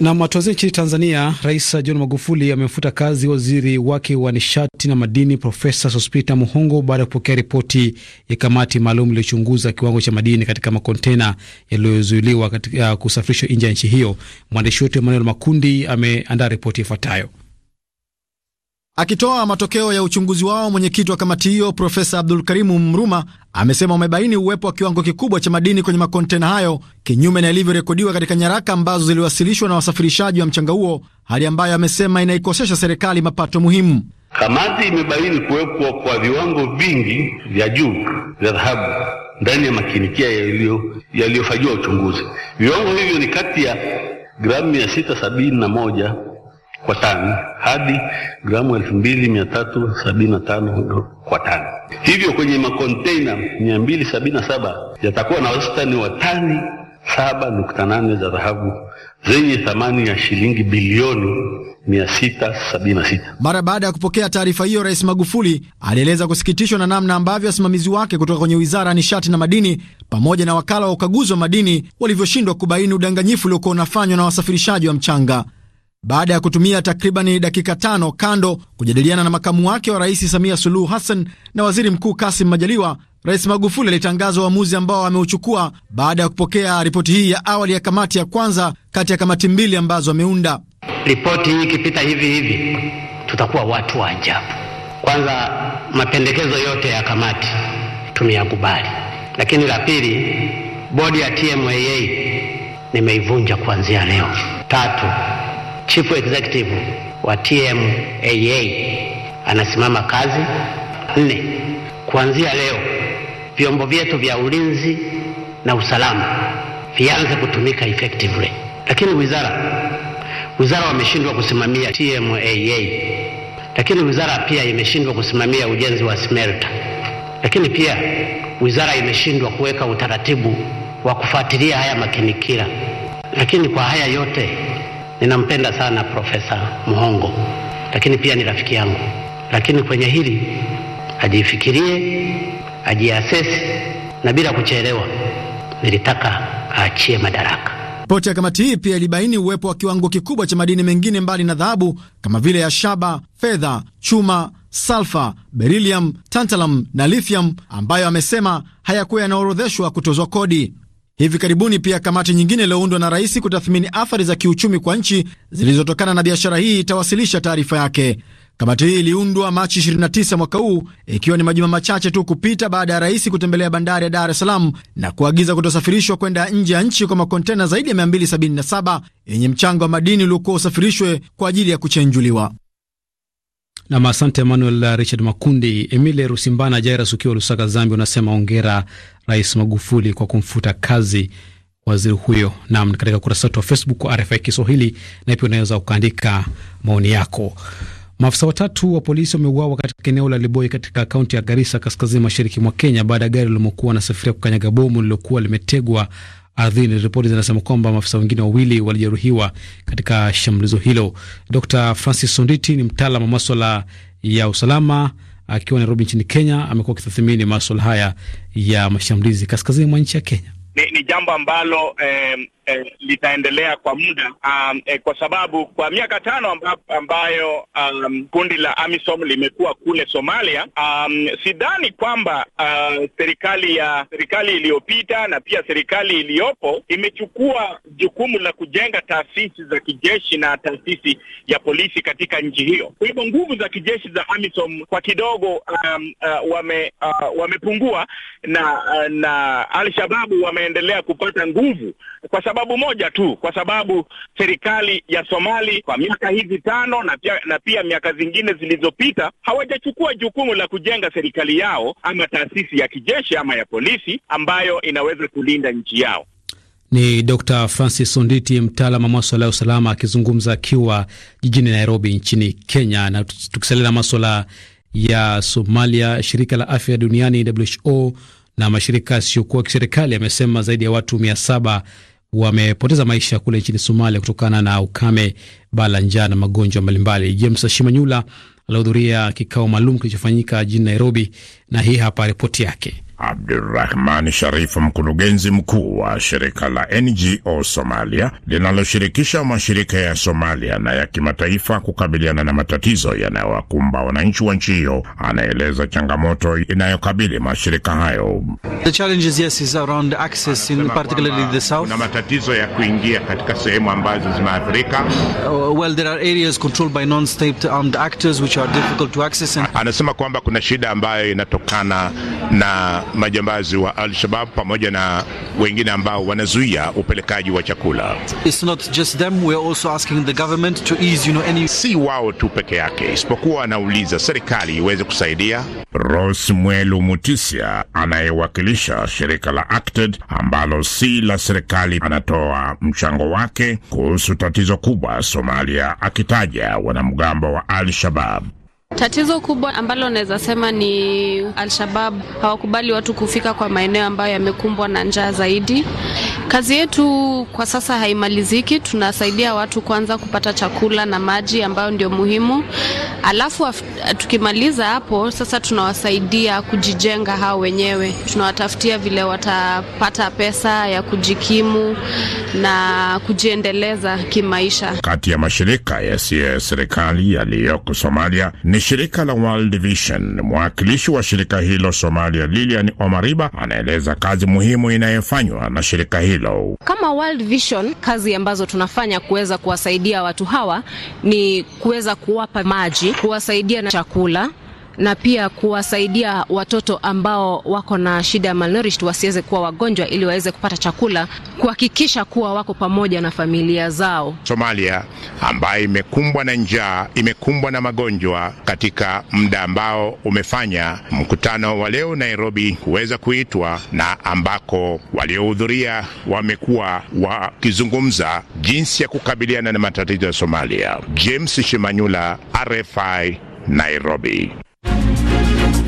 Na matuazia nchini Tanzania, Rais John Magufuli amemfuta kazi waziri wake wa nishati na madini Profesa Sospita Muhongo baada ya kupokea ripoti ya kamati maalum iliyochunguza kiwango cha madini katika makontena yaliyozuiliwa kusafirishwa nje ya nchi hiyo. Mwandishi wetu Emmanuel Makundi ameandaa ripoti ifuatayo. Akitoa matokeo ya uchunguzi wao, mwenyekiti wa kamati hiyo Profesa Abdul Karimu Mruma amesema wamebaini uwepo wa kiwango kikubwa cha madini kwenye makontena hayo, kinyume na ilivyorekodiwa katika nyaraka ambazo ziliwasilishwa na wasafirishaji wa mchanga huo, hali ambayo amesema inaikosesha serikali mapato muhimu. Kamati imebaini kuwepo kwa viwango vingi vya juu vya dhahabu ndani ya makinikia yaliyofanyiwa uchunguzi. Viwango hivyo ni kati ya gramu mia sita sabini na moja kwa tani hadi gramu elfu mbili mia tatu sabini na tano kwa tani. Hivyo kwenye makonteina mia mbili sabini na saba yatakuwa na wastani wa tani saba nukta nane za dhahabu zenye thamani ya shilingi bilioni 676. Mara baada ya kupokea taarifa hiyo, Rais Magufuli alieleza kusikitishwa na namna ambavyo wasimamizi wake kutoka kwenye Wizara ya Nishati na Madini pamoja na Wakala wa Ukaguzi wa Madini walivyoshindwa kubaini udanganyifu uliokuwa unafanywa na wasafirishaji wa mchanga baada ya kutumia takribani dakika tano kando kujadiliana na makamu wake wa rais Samia Suluhu Hassan na waziri mkuu Kasim Majaliwa, Rais Magufuli alitangaza uamuzi ambao ameuchukua baada ya kupokea ripoti hii ya awali ya kamati ya kwanza kati ya kamati mbili ambazo ameunda. Ripoti hii ikipita hivi hivi, tutakuwa watu wa ajabu. Kwanza, mapendekezo yote ya kamati tumeyakubali, lakini la pili, bodi ya TMAA nimeivunja kuanzia leo. Tatu, chief executive wa TMAA anasimama kazi. Nne, kuanzia leo vyombo vyetu vya ulinzi na usalama vianze kutumika effectively. Lakini wizara wizara wameshindwa kusimamia TMAA, lakini wizara pia imeshindwa kusimamia ujenzi wa smelter, lakini pia wizara imeshindwa kuweka utaratibu wa kufuatilia haya makinikira. Lakini kwa haya yote Ninampenda sana Profesa Muhongo, lakini pia ni rafiki yangu. Lakini kwenye hili ajifikirie, ajiasesi na bila kuchelewa, nilitaka aachie madaraka. Ripoti ya kamati hii pia ilibaini uwepo wa kiwango kikubwa cha madini mengine mbali na dhahabu kama vile ya shaba, fedha, chuma, salfa, beryllium, tantalum na lithium ambayo amesema hayakuwa yanaorodheshwa kutozwa kodi. Hivi karibuni pia kamati nyingine iliyoundwa na rais kutathmini athari za kiuchumi kwa nchi zilizotokana na biashara hii itawasilisha taarifa yake. Kamati hii iliundwa Machi 29 mwaka huu, ikiwa ni majuma machache tu kupita baada ya rais kutembelea bandari ya Dar es Salaam na kuagiza kutosafirishwa kwenda nje ya nchi kwa makontena zaidi ya 277 yenye mchango wa madini uliokuwa usafirishwe kwa ajili ya kuchenjuliwa. Nam, asante Emmanuel Richard Makundi. Emile Rusimbana Jairas, ukiwa Lusaka, Zambia, unasema ongera Rais Magufuli kwa kumfuta kazi waziri huyo. Nam, katika ukurasa wetu wa Facebook wa RFI Kiswahili, na pia unaweza ukaandika maoni yako. Maafisa watatu wa polisi wameuawa katika eneo la Liboi katika kaunti ya garisa kaskazini mashariki mwa Kenya, baada ya gari lilokuwa na kukanyaga bomu lililokuwa limetegwa ardhini. Ripoti zinasema kwamba maafisa wengine wawili walijeruhiwa katika shambulizo hilo. Dr Francis Sonditi ni mtaalam wa maswala ya usalama akiwa Nairobi nchini Kenya. Amekuwa akithathimini maswala haya ya mashambulizi kaskazini mwa nchi ya Kenya. Ni, ni jambo ambalo eh, eh, litaendelea kwa muda um, eh, kwa sababu kwa miaka tano ambayo um, kundi la AMISOM limekuwa kule Somalia um, sidhani kwamba uh, serikali ya serikali iliyopita na pia serikali iliyopo imechukua jukumu la kujenga taasisi za kijeshi na taasisi ya polisi katika nchi hiyo. Kwa hivyo nguvu za kijeshi za AMISOM kwa kidogo um, uh, wame, uh, wamepungua na uh, na Al-Shababu wameendelea kupata nguvu kwa sababu moja tu, kwa sababu serikali ya Somali kwa miaka hizi tano na pia, na pia miaka zingine zilizopita hawajachukua jukumu la kujenga serikali yao ama taasisi ya kijeshi ama ya polisi ambayo inaweza kulinda nchi yao. Ni Dr Francis Onditi, mtaalamu wa maswala ya usalama akizungumza akiwa jijini Nairobi nchini Kenya. Na tukisalia na maswala ya Somalia, shirika la afya duniani WHO na mashirika yasiyokuwa kiserikali yamesema zaidi ya watu mia saba wamepoteza maisha kule nchini Somalia kutokana na ukame, bala njaa na magonjwa mbalimbali. James Shimanyula alihudhuria kikao maalum kilichofanyika jijini Nairobi, na hii hapa ripoti yake. Abdurrahman Sharifu, mkurugenzi mkuu wa shirika la NGO Somalia linaloshirikisha mashirika ya Somalia na ya kimataifa kukabiliana na matatizo yanayowakumba wananchi wa nchi hiyo, anaeleza changamoto inayokabili mashirika hayo. Kuna matatizo ya kuingia katika sehemu ambazo zimeathirika. Uh, well, there are areas controlled by non-state armed actors which are difficult to access and... anasema kwamba kuna shida ambayo inatokana na majambazi wa Al-Shabab pamoja na wengine ambao wanazuia upelekaji wa chakula. It's not just them, we are also asking the government to ease, you know, any... si wao tu peke yake, isipokuwa anauliza serikali iweze kusaidia. Ros Mwelu Mutisia anayewakilisha shirika la Acted ambalo si la serikali anatoa mchango wake kuhusu tatizo kubwa Somalia, akitaja wanamgambo wa Al-Shabab. Tatizo kubwa ambalo naweza sema ni alshabab hawakubali watu kufika kwa maeneo ambayo yamekumbwa na njaa zaidi. Kazi yetu kwa sasa haimaliziki. Tunasaidia watu kwanza kupata chakula na maji ambayo ndio muhimu, alafu tukimaliza hapo sasa tunawasaidia kujijenga hao wenyewe, tunawatafutia vile watapata pesa ya kujikimu na kujiendeleza kimaisha. Kati ya mashirika yasiyo ya serikali yaliyoko Somalia ni ni shirika la World Vision. Mwakilishi wa shirika hilo Somalia, Lilian Omariba, anaeleza kazi muhimu inayofanywa na shirika hilo. Kama World Vision, kazi ambazo tunafanya kuweza kuwasaidia watu hawa ni kuweza kuwapa maji, kuwasaidia na chakula na pia kuwasaidia watoto ambao wako na shida ya malnourished wasiweze kuwa wagonjwa, ili waweze kupata chakula, kuhakikisha kuwa wako pamoja na familia zao. Somalia ambayo imekumbwa na njaa, imekumbwa na magonjwa, katika muda ambao umefanya mkutano wa leo Nairobi kuweza kuitwa na ambako waliohudhuria wamekuwa wakizungumza jinsi ya kukabiliana na matatizo ya Somalia. James Shimanyula, RFI Nairobi.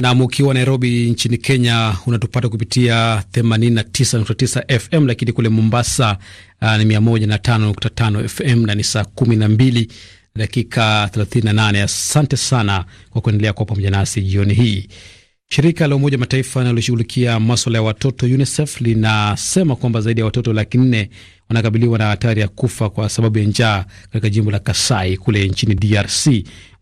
na ukiwa Nairobi nchini Kenya unatupata kupitia 89.9 FM, lakini kule Mombasa uh, ni 105.5 FM na ni saa 12 dakika 38. Asante sana kwa kuendelea kuwa pamoja nasi jioni hii. Shirika la Umoja Mataifa linaloshughulikia maswala ya watoto UNICEF linasema kwamba zaidi ya watoto laki nne wanakabiliwa na hatari ya kufa kwa sababu ya njaa katika jimbo la Kasai kule nchini DRC.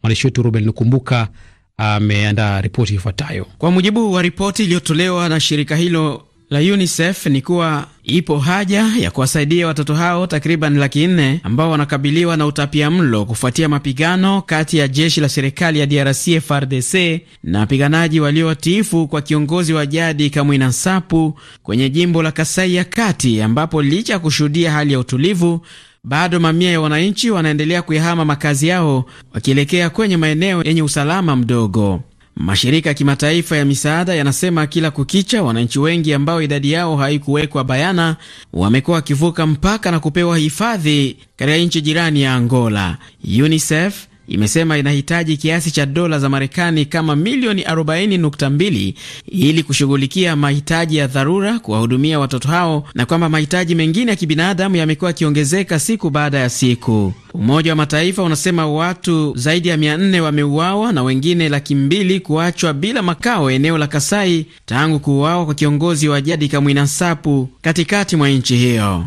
Mwandishi wetu Ruben Lukumbuka ameandaa ripoti ifuatayo. Kwa mujibu wa ripoti iliyotolewa na shirika hilo la UNICEF ni kuwa ipo haja ya kuwasaidia watoto hao takriban laki nne ambao wanakabiliwa na utapia mlo kufuatia mapigano kati ya jeshi la serikali ya DRC frdc na wapiganaji walio watiifu kwa kiongozi wa jadi Kamwina Nsapu kwenye jimbo la Kasai ya Kati, ambapo licha ya kushuhudia hali ya utulivu bado mamia ya wananchi wanaendelea kuyahama makazi yao wakielekea kwenye maeneo yenye usalama mdogo. Mashirika ya kimataifa ya misaada yanasema kila kukicha, wananchi wengi ambao idadi yao haikuwekwa bayana wamekuwa wakivuka mpaka na kupewa hifadhi katika nchi jirani ya Angola. UNICEF imesema inahitaji kiasi cha dola za Marekani kama milioni 40.2 ili kushughulikia mahitaji ya dharura, kuwahudumia watoto hao, na kwamba mahitaji mengine ya kibinadamu yamekuwa yakiongezeka siku baada ya siku. Umoja wa Mataifa unasema watu zaidi ya 400 wameuawa na wengine laki mbili kuachwa bila makao eneo la Kasai tangu kuuawa kwa kiongozi wa jadi Kamwina Nsapu katikati mwa nchi hiyo.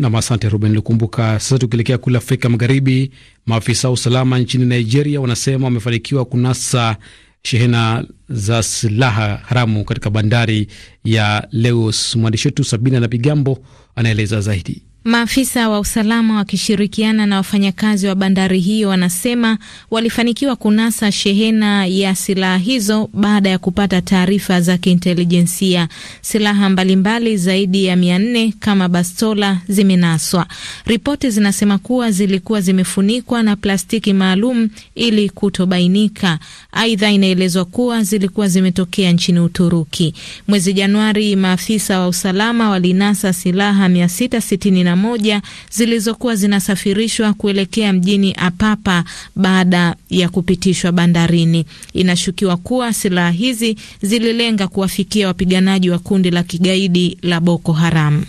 Nam, asante Ruben Lukumbuka. Sasa tukielekea kule Afrika Magharibi, maafisa wa usalama nchini Nigeria wanasema wamefanikiwa kunasa shehena za silaha haramu katika bandari ya Lagos. Mwandishi wetu Sabina na Bigambo anaeleza zaidi. Maafisa wa usalama wakishirikiana na wafanyakazi wa bandari hiyo wanasema walifanikiwa kunasa shehena ya silaha hizo baada ya kupata taarifa za kiintelijensia. Silaha mbalimbali zaidi ya mia nne kama bastola zimenaswa. Ripoti zinasema kuwa zilikuwa zimefunikwa na plastiki maalum ili kutobainika. Aidha, inaelezwa kuwa zilikuwa zimetokea nchini Uturuki. Mwezi Januari, maafisa wa usalama walinasa silaha mia sita sitini na moja zilizokuwa zinasafirishwa kuelekea mjini Apapa baada ya kupitishwa bandarini. Inashukiwa kuwa silaha hizi zililenga kuwafikia wapiganaji wa kundi la kigaidi la Boko Haram.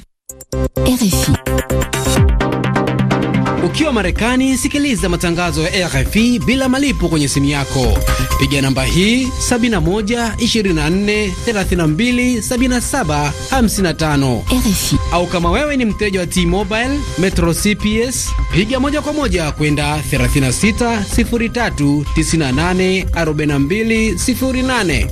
RFI. Ukiwa Marekani, sikiliza matangazo ya RFI bila malipo kwenye simu yako. Piga namba hii 7124327755 32 77 55. RFI au kama wewe ni mteja wa T-Mobile Metro CPS, piga moja kwa moja kwenda 3603984208.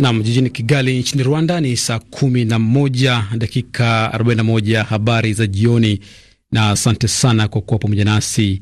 Nam, jijini Kigali nchini Rwanda ni saa kumi na moja dakika 41 moja. Habari za jioni, na asante sana kwa kuwa pamoja nasi.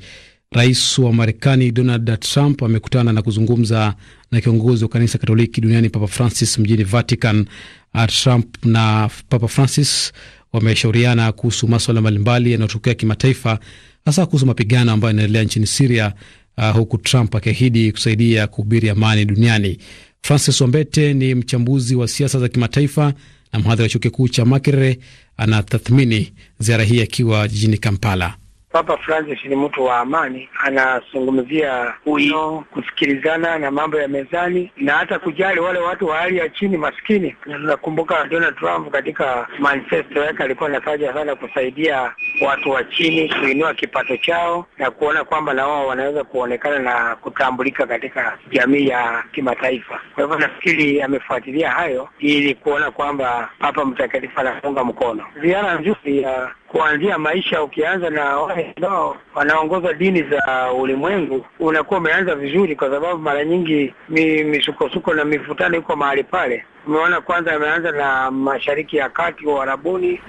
Rais wa Marekani Donald Trump amekutana na kuzungumza na kiongozi wa kanisa Katoliki duniani Papa Francis mjini Vatican. Ah, Trump na Papa Francis wameshauriana kuhusu maswala mbalimbali yanayotokea kimataifa, hasa kuhusu mapigano ambayo yanaendelea nchini Siria, uh, ah, huku Trump akiahidi kusaidia kuhubiri amani duniani. Francis Wambete ni mchambuzi wa siasa za kimataifa na mhadhiri wa chuo kikuu cha Makerere. Anatathmini ziara hii akiwa jijini Kampala. Papa Francis ni mtu wa amani, anazungumzia uwiano, kusikilizana na mambo ya mezani na hata kujali wale watu wa hali ya chini maskini. Tunakumbuka Donald Trump katika manifesto yake alikuwa anataja sana kusaidia watu wa chini, kuinua kipato chao na kuona kwamba na wao wanaweza kuonekana na kutambulika katika jamii ya kimataifa. Kwa hivyo nafikiri amefuatilia hayo ili kuona kwamba Papa Mtakatifu anafunga mkono ziara nzuri ya kuanzia maisha. Ukianza na wale ambao wanaongoza dini za ulimwengu, unakuwa umeanza vizuri, kwa sababu mara nyingi mi, misukosuko na mivutano iko mahali pale. Umeona, kwanza ameanza na Mashariki ya Kati wa Arabuni,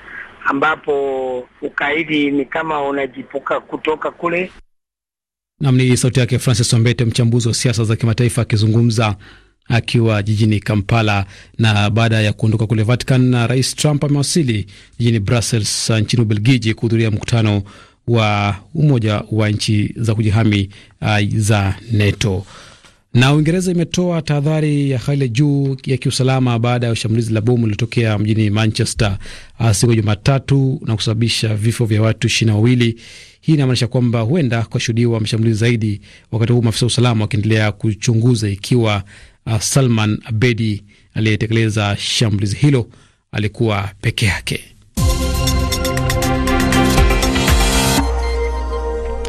ambapo ukaidi ni kama unajipuka kutoka kule. Nam ni sauti yake Francis Wambete, mchambuzi wa siasa za kimataifa akizungumza akiwa jijini Kampala. Na baada ya kuondoka kule Vatican, na Rais Trump amewasili jijini Brussels uh, nchini Ubelgiji kuhudhuria mkutano wa Umoja wa Nchi za Kujihami uh, za NATO. Na Uingereza imetoa tahadhari ya hali ya juu ya kiusalama baada ya shambulizi la bomu lililotokea mjini Manchester uh, siku ya Jumatatu na kusababisha vifo vya watu ishirini na wawili. Hii inamaanisha kwamba huenda kukashuhudiwa mashambulizi zaidi, wakati huu maafisa wa usalama wakiendelea kuchunguza ikiwa Ah, Salman Abedi aliyetekeleza shambulizi hilo alikuwa peke yake.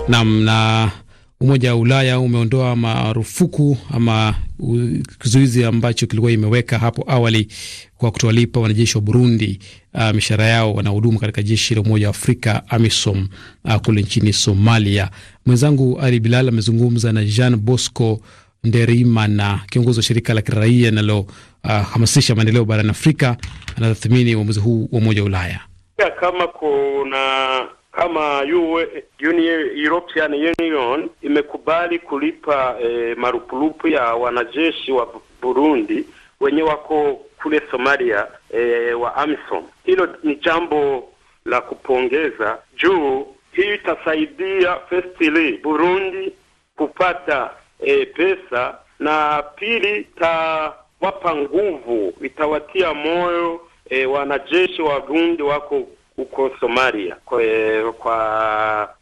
Nam na Umoja wa Ulaya umeondoa marufuku ama kizuizi ambacho kilikuwa imeweka hapo awali kwa kutowalipa wanajeshi wa Burundi uh, mishahara yao wanahudumu katika jeshi la Umoja wa Afrika AMISOM uh, kule nchini Somalia. Mwenzangu Ali Bilal amezungumza na Jean Bosco Nderimana, kiongozi wa shirika la kiraia linalohamasisha uh, maendeleo barani Afrika, anatathmini uamuzi huu wa Umoja wa Ulaya kama kuna kama European Union imekubali kulipa e, marupurupu ya wanajeshi wa Burundi wenye wako kule Somalia e, wa AMISOM. Hilo ni jambo la kupongeza juu hii itasaidia firstly Burundi kupata e, pesa, na pili itawapa nguvu, itawatia moyo e, wanajeshi warundi wako huko Somalia kwa, e, kwa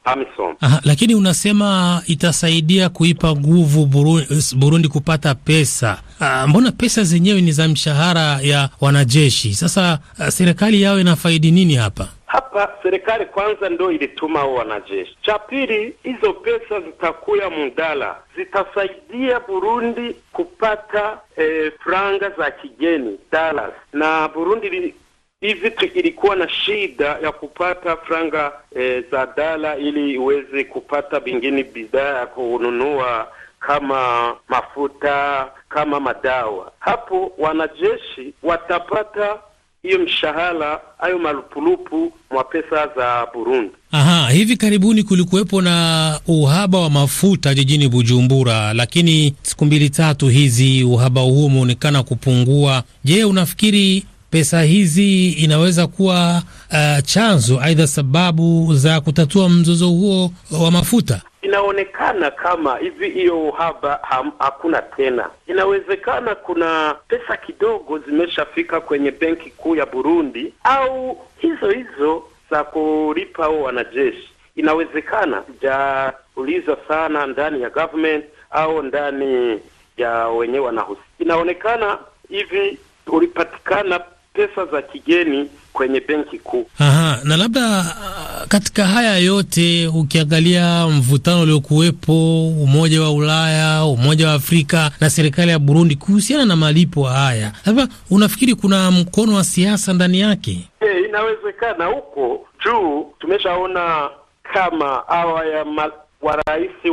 AMISOM. Aha, lakini unasema itasaidia kuipa nguvu Burundi, Burundi kupata pesa. Aa, ah, mbona pesa zenyewe ni za mshahara ya wanajeshi? Sasa ah, serikali yao inafaidi nini hapa? Hapa serikali kwanza ndo ilituma hao wanajeshi. Cha pili, hizo pesa zitakuya mudala, zitasaidia Burundi kupata eh, franga za kigeni dollars, na Burundi hivi ilikuwa na shida ya kupata franga eh, za dala ili iweze kupata vingine bidhaa ya kununua kama mafuta kama madawa. Hapo wanajeshi watapata hiyo mshahara hayo marupurupu mwa pesa za Burundi. Aha, hivi karibuni kulikuwepo na uhaba wa mafuta jijini Bujumbura, lakini siku mbili tatu hizi uhaba huo umeonekana kupungua. Je, unafikiri pesa hizi inaweza kuwa uh, chanzo aidha sababu za kutatua mzozo huo wa mafuta? inaonekana kama hivi hiyo uhaba ham, hakuna tena. Inawezekana kuna pesa kidogo zimeshafika kwenye benki kuu ya Burundi au hizo hizo za kulipa hao wanajeshi. Inawezekana, sijauliza sana ndani ya government au ndani ya wenyewe wanahusika. Inaonekana hivi ulipatikana pesa za kigeni kwenye benki kuu. Aha, na labda uh, katika haya yote ukiangalia mvutano uliokuwepo Umoja wa Ulaya, Umoja wa Afrika na serikali ya Burundi kuhusiana na malipo haya, labda unafikiri kuna mkono wa siasa ndani yake? Hey, eh, inawezekana huko juu tumeshaona kama awa ya ma, wa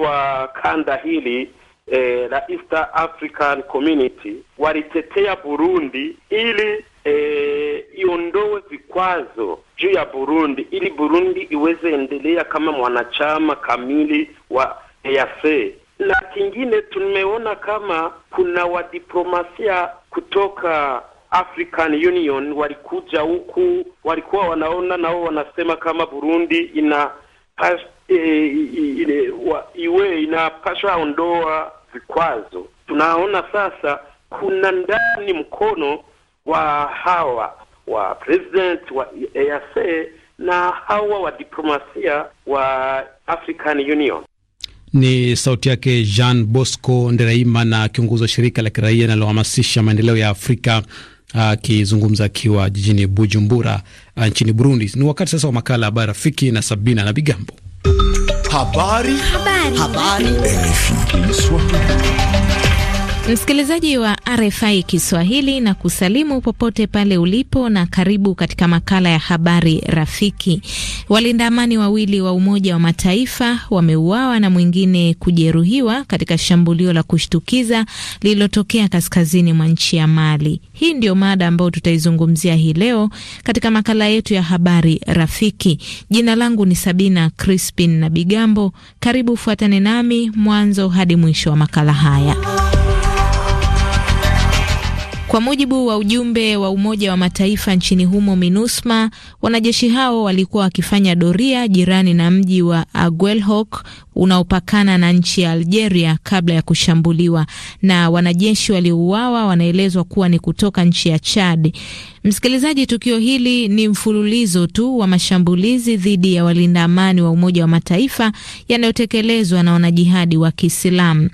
wa kanda hili eh, la East African Community walitetea Burundi ili e, iondoe vikwazo juu ya Burundi ili Burundi iweze endelea kama mwanachama kamili wa EAC. Na kingine tumeona kama kuna wadiplomasia kutoka African Union walikuja huku, walikuwa wanaona nao wanasema kama Burundi ina pas, e, e, wa, iwe inapaswa ondoa vikwazo. Tunaona sasa kuna ndani mkono wa hawa wa president wa EAC na hawa wa diplomasia wa African Union. Ni sauti yake Jean Bosco Nderaima, na kiongozi wa shirika la kiraia linalohamasisha maendeleo ya Afrika akizungumza akiwa jijini Bujumbura uh, nchini Burundi. Ni wakati sasa wa makala Habari Rafiki na Sabina na Bigambo. Habari. Habari. Habari. Habari. Msikilizaji wa RFI Kiswahili na kusalimu popote pale ulipo na karibu katika makala ya habari rafiki. Walinda amani wawili wa Umoja wa Mataifa wameuawa na mwingine kujeruhiwa katika shambulio la kushtukiza lililotokea kaskazini mwa nchi ya Mali. Hii ndio mada ambayo tutaizungumzia hii leo katika makala yetu ya habari rafiki. Jina langu ni Sabina Crispin na Bigambo. Karibu, fuatane nami mwanzo hadi mwisho wa makala haya. Kwa mujibu wa ujumbe wa Umoja wa Mataifa nchini humo MINUSMA, wanajeshi hao walikuwa wakifanya doria jirani na mji wa Aguelhok unaopakana na nchi ya Algeria kabla ya kushambuliwa, na wanajeshi waliouawa wanaelezwa kuwa ni kutoka nchi ya Chad. Msikilizaji, tukio hili ni mfululizo tu wa mashambulizi dhidi ya walinda amani wa Umoja wa Mataifa yanayotekelezwa na wanajihadi wa Kiislamu.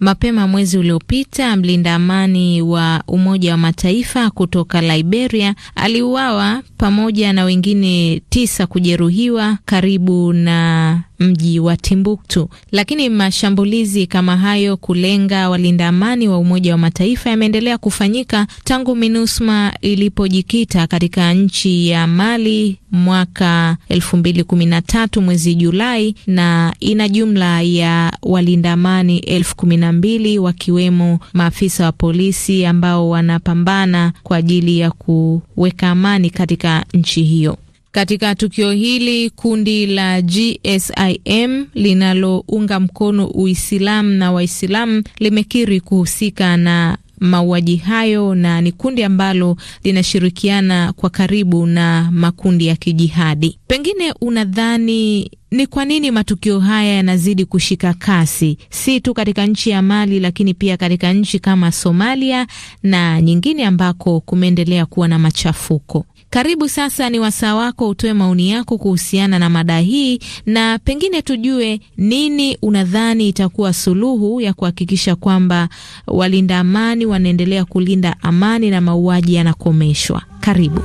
Mapema mwezi uliopita, mlinda amani wa Umoja wa Mataifa kutoka Liberia aliuawa pamoja na wengine tisa kujeruhiwa karibu na mji wa Timbuktu. Lakini mashambulizi kama hayo kulenga walinda amani wa Umoja wa Mataifa yameendelea kufanyika tangu MINUSMA ilipojikita katika nchi ya Mali mwaka elfu mbili kumi na tatu mwezi Julai, na ina jumla ya walinda amani elfu kumi na mbili wakiwemo maafisa wa polisi ambao wanapambana kwa ajili ya kuweka amani katika nchi hiyo. Katika tukio hili kundi la GSIM linalounga mkono Uislamu na Waislamu limekiri kuhusika na mauaji hayo na ni kundi ambalo linashirikiana kwa karibu na makundi ya kijihadi. Pengine unadhani ni kwa nini matukio haya yanazidi kushika kasi, si tu katika nchi ya Mali, lakini pia katika nchi kama Somalia na nyingine ambako kumeendelea kuwa na machafuko? Karibu sasa, ni wasaa wako utoe maoni yako kuhusiana na mada hii, na pengine tujue nini unadhani itakuwa suluhu ya kuhakikisha kwamba walinda amani wanaendelea kulinda amani na mauaji yanakomeshwa. Karibu.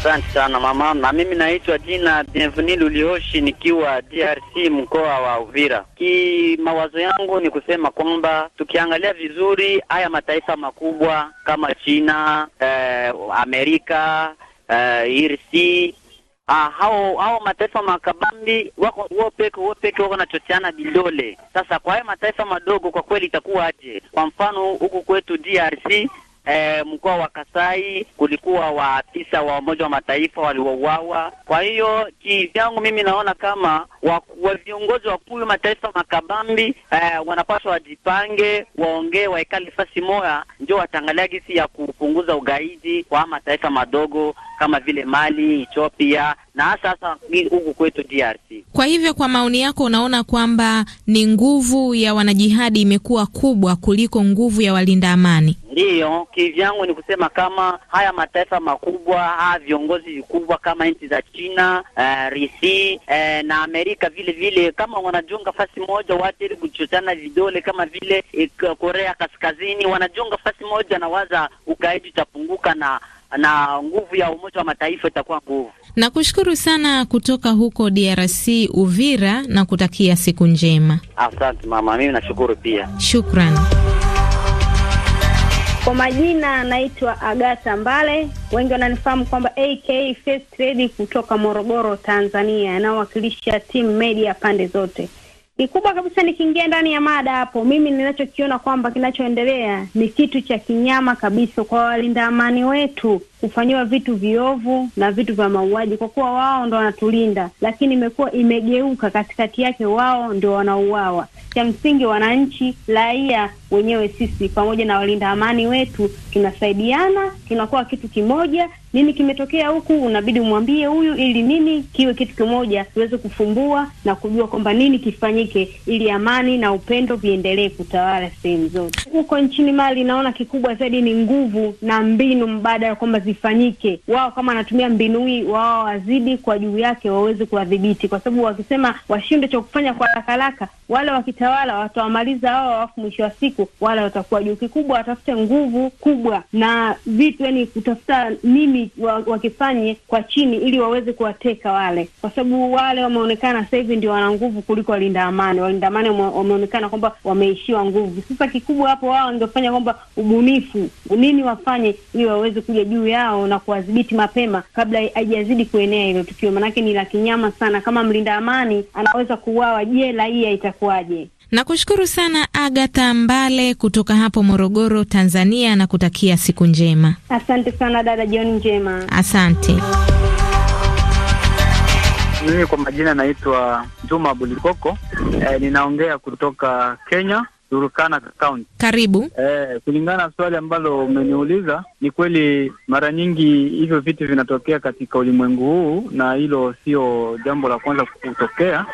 Asante sana mama, na mimi naitwa jina Bienveni Lulioshi nikiwa DRC mkoa wa Uvira. Ki mawazo yangu ni kusema kwamba tukiangalia vizuri haya mataifa makubwa kama China, eh, Amerika, eh, IRC Ah, hao hao mataifa makabambi wako wopeke wopeke wako nachoteana bidole Sasa kwa hayo mataifa madogo, kwa kweli itakuwa aje? Kwa mfano huku kwetu DRC e, mkoa wa Kasai kulikuwa waafisa wa Umoja wa Mataifa waliouawa. Kwa hiyo kivyangu mimi naona kama wa viongozi wakuu mataifa makabambi e, wanapaswa wajipange, waongee, waekale fasi moya, ndio watangalia gisi ya kupunguza ugaidi kwa mataifa madogo kama vile Mali, Ethiopia na hasa hasa huku kwetu DRC. Kwa hivyo, kwa maoni yako, unaona kwamba ni nguvu ya wanajihadi imekuwa kubwa kuliko nguvu ya walinda amani? Ndiyo, kivyangu ni kusema kama haya mataifa makubwa, haya viongozi vikubwa kama nchi za China, uh, eh, Rusi, uh, eh, na Amerika vile vile, kama wanajiunga fasi moja watu ili kuchochana vidole, kama vile eh, Korea Kaskazini wanajiunga fasi moja, na waza ugaidi utapunguka na na nguvu ya Umoja wa Mataifa itakuwa nguvu. Nakushukuru sana kutoka huko DRC Uvira, na kutakia siku njema. Asante mama, mimi nashukuru pia. Shukran. Kwa majina naitwa Agata Mbale, wengi wananifahamu kwamba AK First Trade kutoka Morogoro, Tanzania, anaowakilisha Team Media pande zote kikubwa kabisa, nikiingia ndani ya mada hapo, mimi ninachokiona kwamba kinachoendelea ni kitu cha kinyama kabisa kwa walinda amani wetu kufanyiwa vitu viovu na vitu vya mauaji, kwa kuwa wao ndo wanatulinda, lakini imekuwa imegeuka katikati yake, wao ndio wanauawa. Cha msingi, wananchi raia wenyewe sisi pamoja na walinda amani wetu tunasaidiana, tunakuwa kitu kimoja. Nini kimetokea huku, unabidi umwambie huyu, ili nini kiwe kitu kimoja, tuweze kufumbua na kujua kwamba nini kifanyike, ili amani na upendo viendelee kutawala sehemu zote. Huko nchini Mali, naona kikubwa zaidi ni nguvu na mbinu mbadala kwamba zifanyike, wao kama wanatumia mbinu hii, wao wazidi kwa juu yake waweze kuwadhibiti, kwa sababu wakisema washinde cha kufanya kwa haraka haraka, wale wakitawala watawamaliza wao, alafu mwisho wa siku wale watakuwa juu. Kikubwa watafute nguvu kubwa na vitu, yani kutafuta nini wakifanye kwa chini, ili waweze kuwateka wale, kwa sababu wale wameonekana sasa hivi ndio wana nguvu kuliko walinda amani. Walinda amani wameonekana kwamba wameishiwa nguvu. Sasa kikubwa hapo wao wangefanya kwamba ubunifu nini wafanye ili waweze kuja juu ya yao na kuwadhibiti mapema kabla haijazidi kuenea hilo tukio, manake ni la kinyama sana. Kama mlinda amani anaweza kuuawa, je, raia itakuwaje? Nakushukuru sana Agatha Mbale kutoka hapo Morogoro, Tanzania, na kutakia siku njema. Asante sana dada, jioni njema. Asante. Mimi kwa majina naitwa Juma Bulikoko, eh, ninaongea kutoka Kenya. Turkana County. Karibu. Eh, kulingana na swali ambalo umeniuliza, ni kweli mara nyingi hivyo vitu vinatokea katika ulimwengu huu, na hilo sio jambo la kwanza kutokea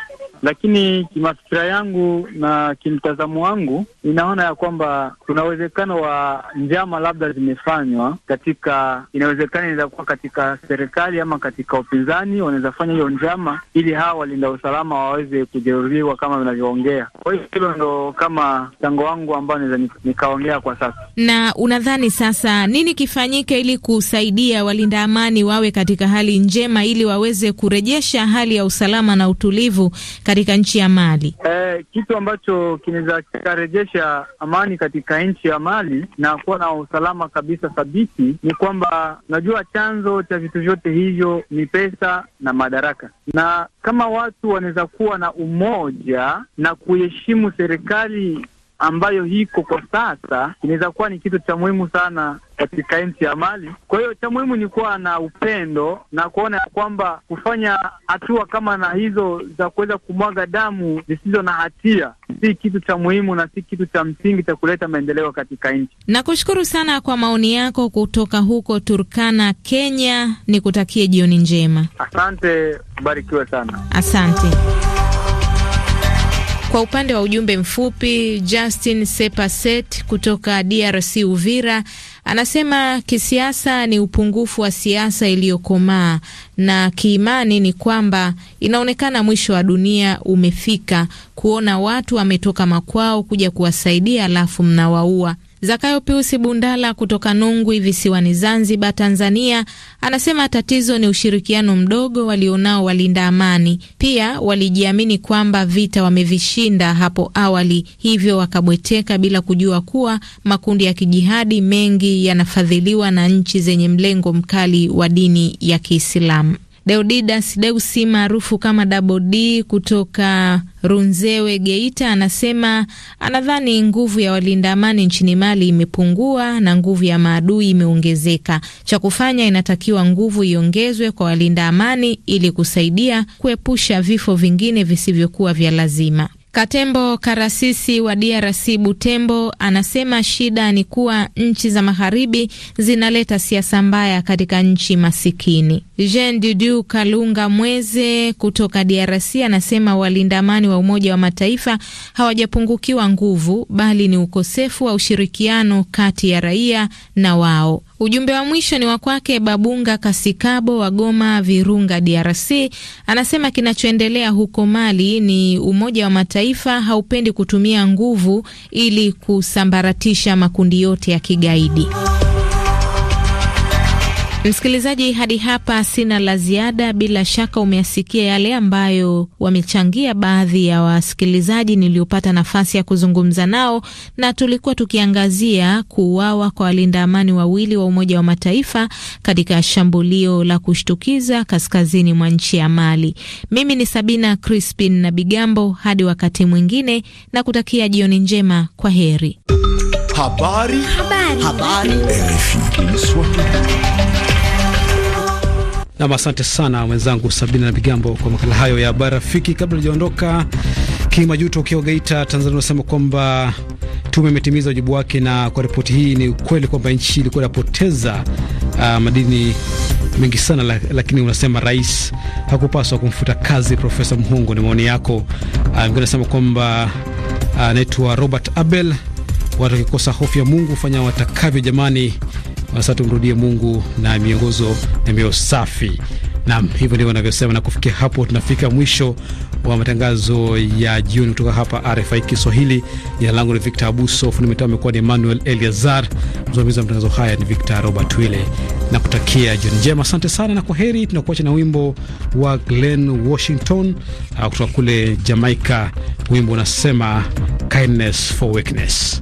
lakini kimafikira yangu na kimtazamo wangu inaona ya kwamba kuna uwezekano wa njama labda zimefanywa katika, inawezekana inaweza kuwa katika serikali ama katika upinzani, wanaweza fanya hiyo njama ili hawa walinda usalama waweze kujeruhiwa kama vinavyoongea. Kwa hiyo hilo ndo kama mchango wangu ambao naweza nikaongea kwa sasa. Na unadhani sasa nini kifanyike ili kusaidia walinda amani wawe katika hali njema ili waweze kurejesha hali ya usalama na utulivu katika nchi ya Mali. Eh, kitu ambacho kinaweza kikarejesha amani katika nchi ya Mali na kuwa na usalama kabisa thabiti ni kwamba unajua, chanzo cha vitu vyote hivyo ni pesa na madaraka, na kama watu wanaweza kuwa na umoja na kuheshimu serikali ambayo hiko kwa sasa inaweza kuwa ni kitu cha muhimu sana katika nchi ya Mali. Kwa hiyo cha muhimu ni kuwa na upendo na kuona ya kwamba kufanya hatua kama na hizo za kuweza kumwaga damu zisizo na hatia si kitu cha muhimu na si kitu cha msingi cha kuleta maendeleo katika nchi. Nakushukuru sana kwa maoni yako kutoka huko Turkana, Kenya. Nikutakie jioni njema. Asante, barikiwe sana. Asante. Kwa upande wa ujumbe mfupi, Justin Sepaset kutoka DRC Uvira anasema kisiasa ni upungufu wa siasa iliyokomaa, na kiimani ni kwamba inaonekana mwisho wa dunia umefika, kuona watu wametoka makwao kuja kuwasaidia alafu mnawaua. Zakayo Piusi Bundala kutoka Nungwi visiwani Zanzibar, Tanzania, anasema tatizo ni ushirikiano mdogo walionao walinda amani. Pia walijiamini kwamba vita wamevishinda hapo awali, hivyo wakabweteka bila kujua kuwa makundi ya kijihadi mengi yanafadhiliwa na nchi zenye mlengo mkali wa dini ya Kiislamu. Deodidas Deusi maarufu kama Double D kutoka Runzewe, Geita, anasema anadhani nguvu ya walinda amani nchini Mali imepungua na nguvu ya maadui imeongezeka. Cha kufanya, inatakiwa nguvu iongezwe kwa walinda amani ili kusaidia kuepusha vifo vingine visivyokuwa vya lazima. Katembo Karasisi wa DRC Butembo anasema shida ni kuwa nchi za magharibi zinaleta siasa mbaya katika nchi masikini. Jean Dudu Kalunga Mweze kutoka DRC anasema walinda amani wa Umoja wa Mataifa hawajapungukiwa nguvu, bali ni ukosefu wa ushirikiano kati ya raia na wao. Ujumbe wa mwisho ni wa kwake Babunga Kasikabo wa Goma Virunga, DRC. Anasema kinachoendelea huko Mali ni Umoja wa Mataifa haupendi kutumia nguvu ili kusambaratisha makundi yote ya kigaidi. Msikilizaji, hadi hapa sina la ziada. Bila shaka umeasikia yale ambayo wamechangia baadhi ya wasikilizaji niliopata nafasi ya kuzungumza nao, na tulikuwa tukiangazia kuuawa kwa walinda amani wawili wa Umoja wa Mataifa katika shambulio la kushtukiza kaskazini mwa nchi ya Mali. Mimi ni Sabina Crispin na Bigambo, hadi wakati mwingine, na kutakia jioni njema. Kwa heri. Habari. Habari. Habari. RFI Kiswahili. Nam, asante sana mwenzangu Sabina na Bigambo kwa makala hayo ya habari rafiki. Kabla hujaondoka, Kimajuto ukiwa Geita, Tanzania, unasema kwamba tume imetimiza wajibu wake, na kwa ripoti hii ni ukweli kwamba nchi ilikuwa inapoteza uh, madini mengi sana, lakini unasema rais hakupaswa kumfuta kazi Profesa Muhongo. Ni maoni yako. Uh, ah, nasema kwamba ah, anaitwa uh, Robert Abel watu wakikosa hofu ya Mungu hufanya watakavyo. Jamani, wasa tumrudie Mungu na miongozo na mioyo safi. Naam, hivyo ndivyo wanavyosema, na kufikia hapo tunafika mwisho wa matangazo ya jioni kutoka hapa RFI Kiswahili. Jina langu ni Victor Abuso, fundi mitambo amekuwa ni Emmanuel Eliazar, msimamizi wa matangazo haya ni Victor Robert wille na kutakia jioni njema. Asante sana na kwa heri. Tunakuacha na wimbo wa Glen Washington uh, kutoka kule Jamaica. Wimbo unasema kindness for weakness.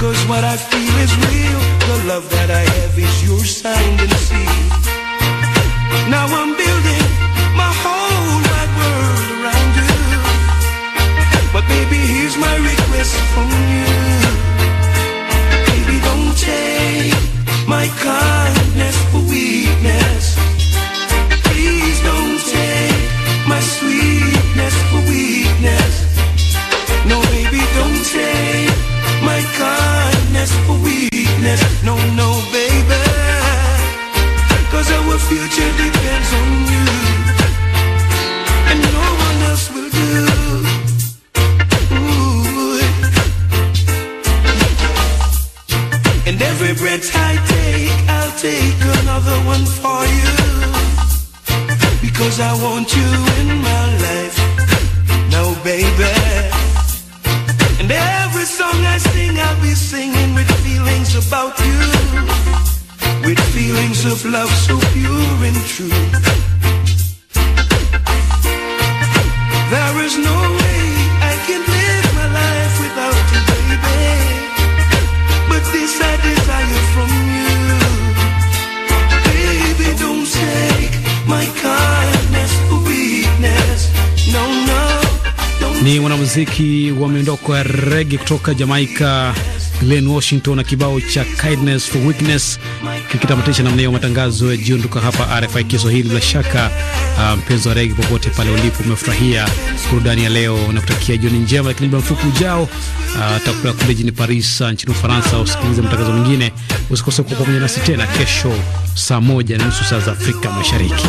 Cause what I feel is real. The love that I have is your sign and sea. Now I'm building my whole wide world around you. But baby, here's my request from you. kutoka Jamaica, Glen Washington na kibao cha Kindness for Weakness kikitamatisha namna hiyo matangazo ya jioni kutoka hapa RFI Kiswahili. Bila shaka ah, mpenzi um, wa rege, popote pale ulipo, umefurahia burudani ya leo na kutakia jioni njema, lakini muda mfupi ujao uh, ah, takula kule jini Paris ah, nchini Ufaransa usikilize matangazo mengine. Usikose kuwa pamoja nasi tena kesho saa moja na nusu saa za Afrika Mashariki.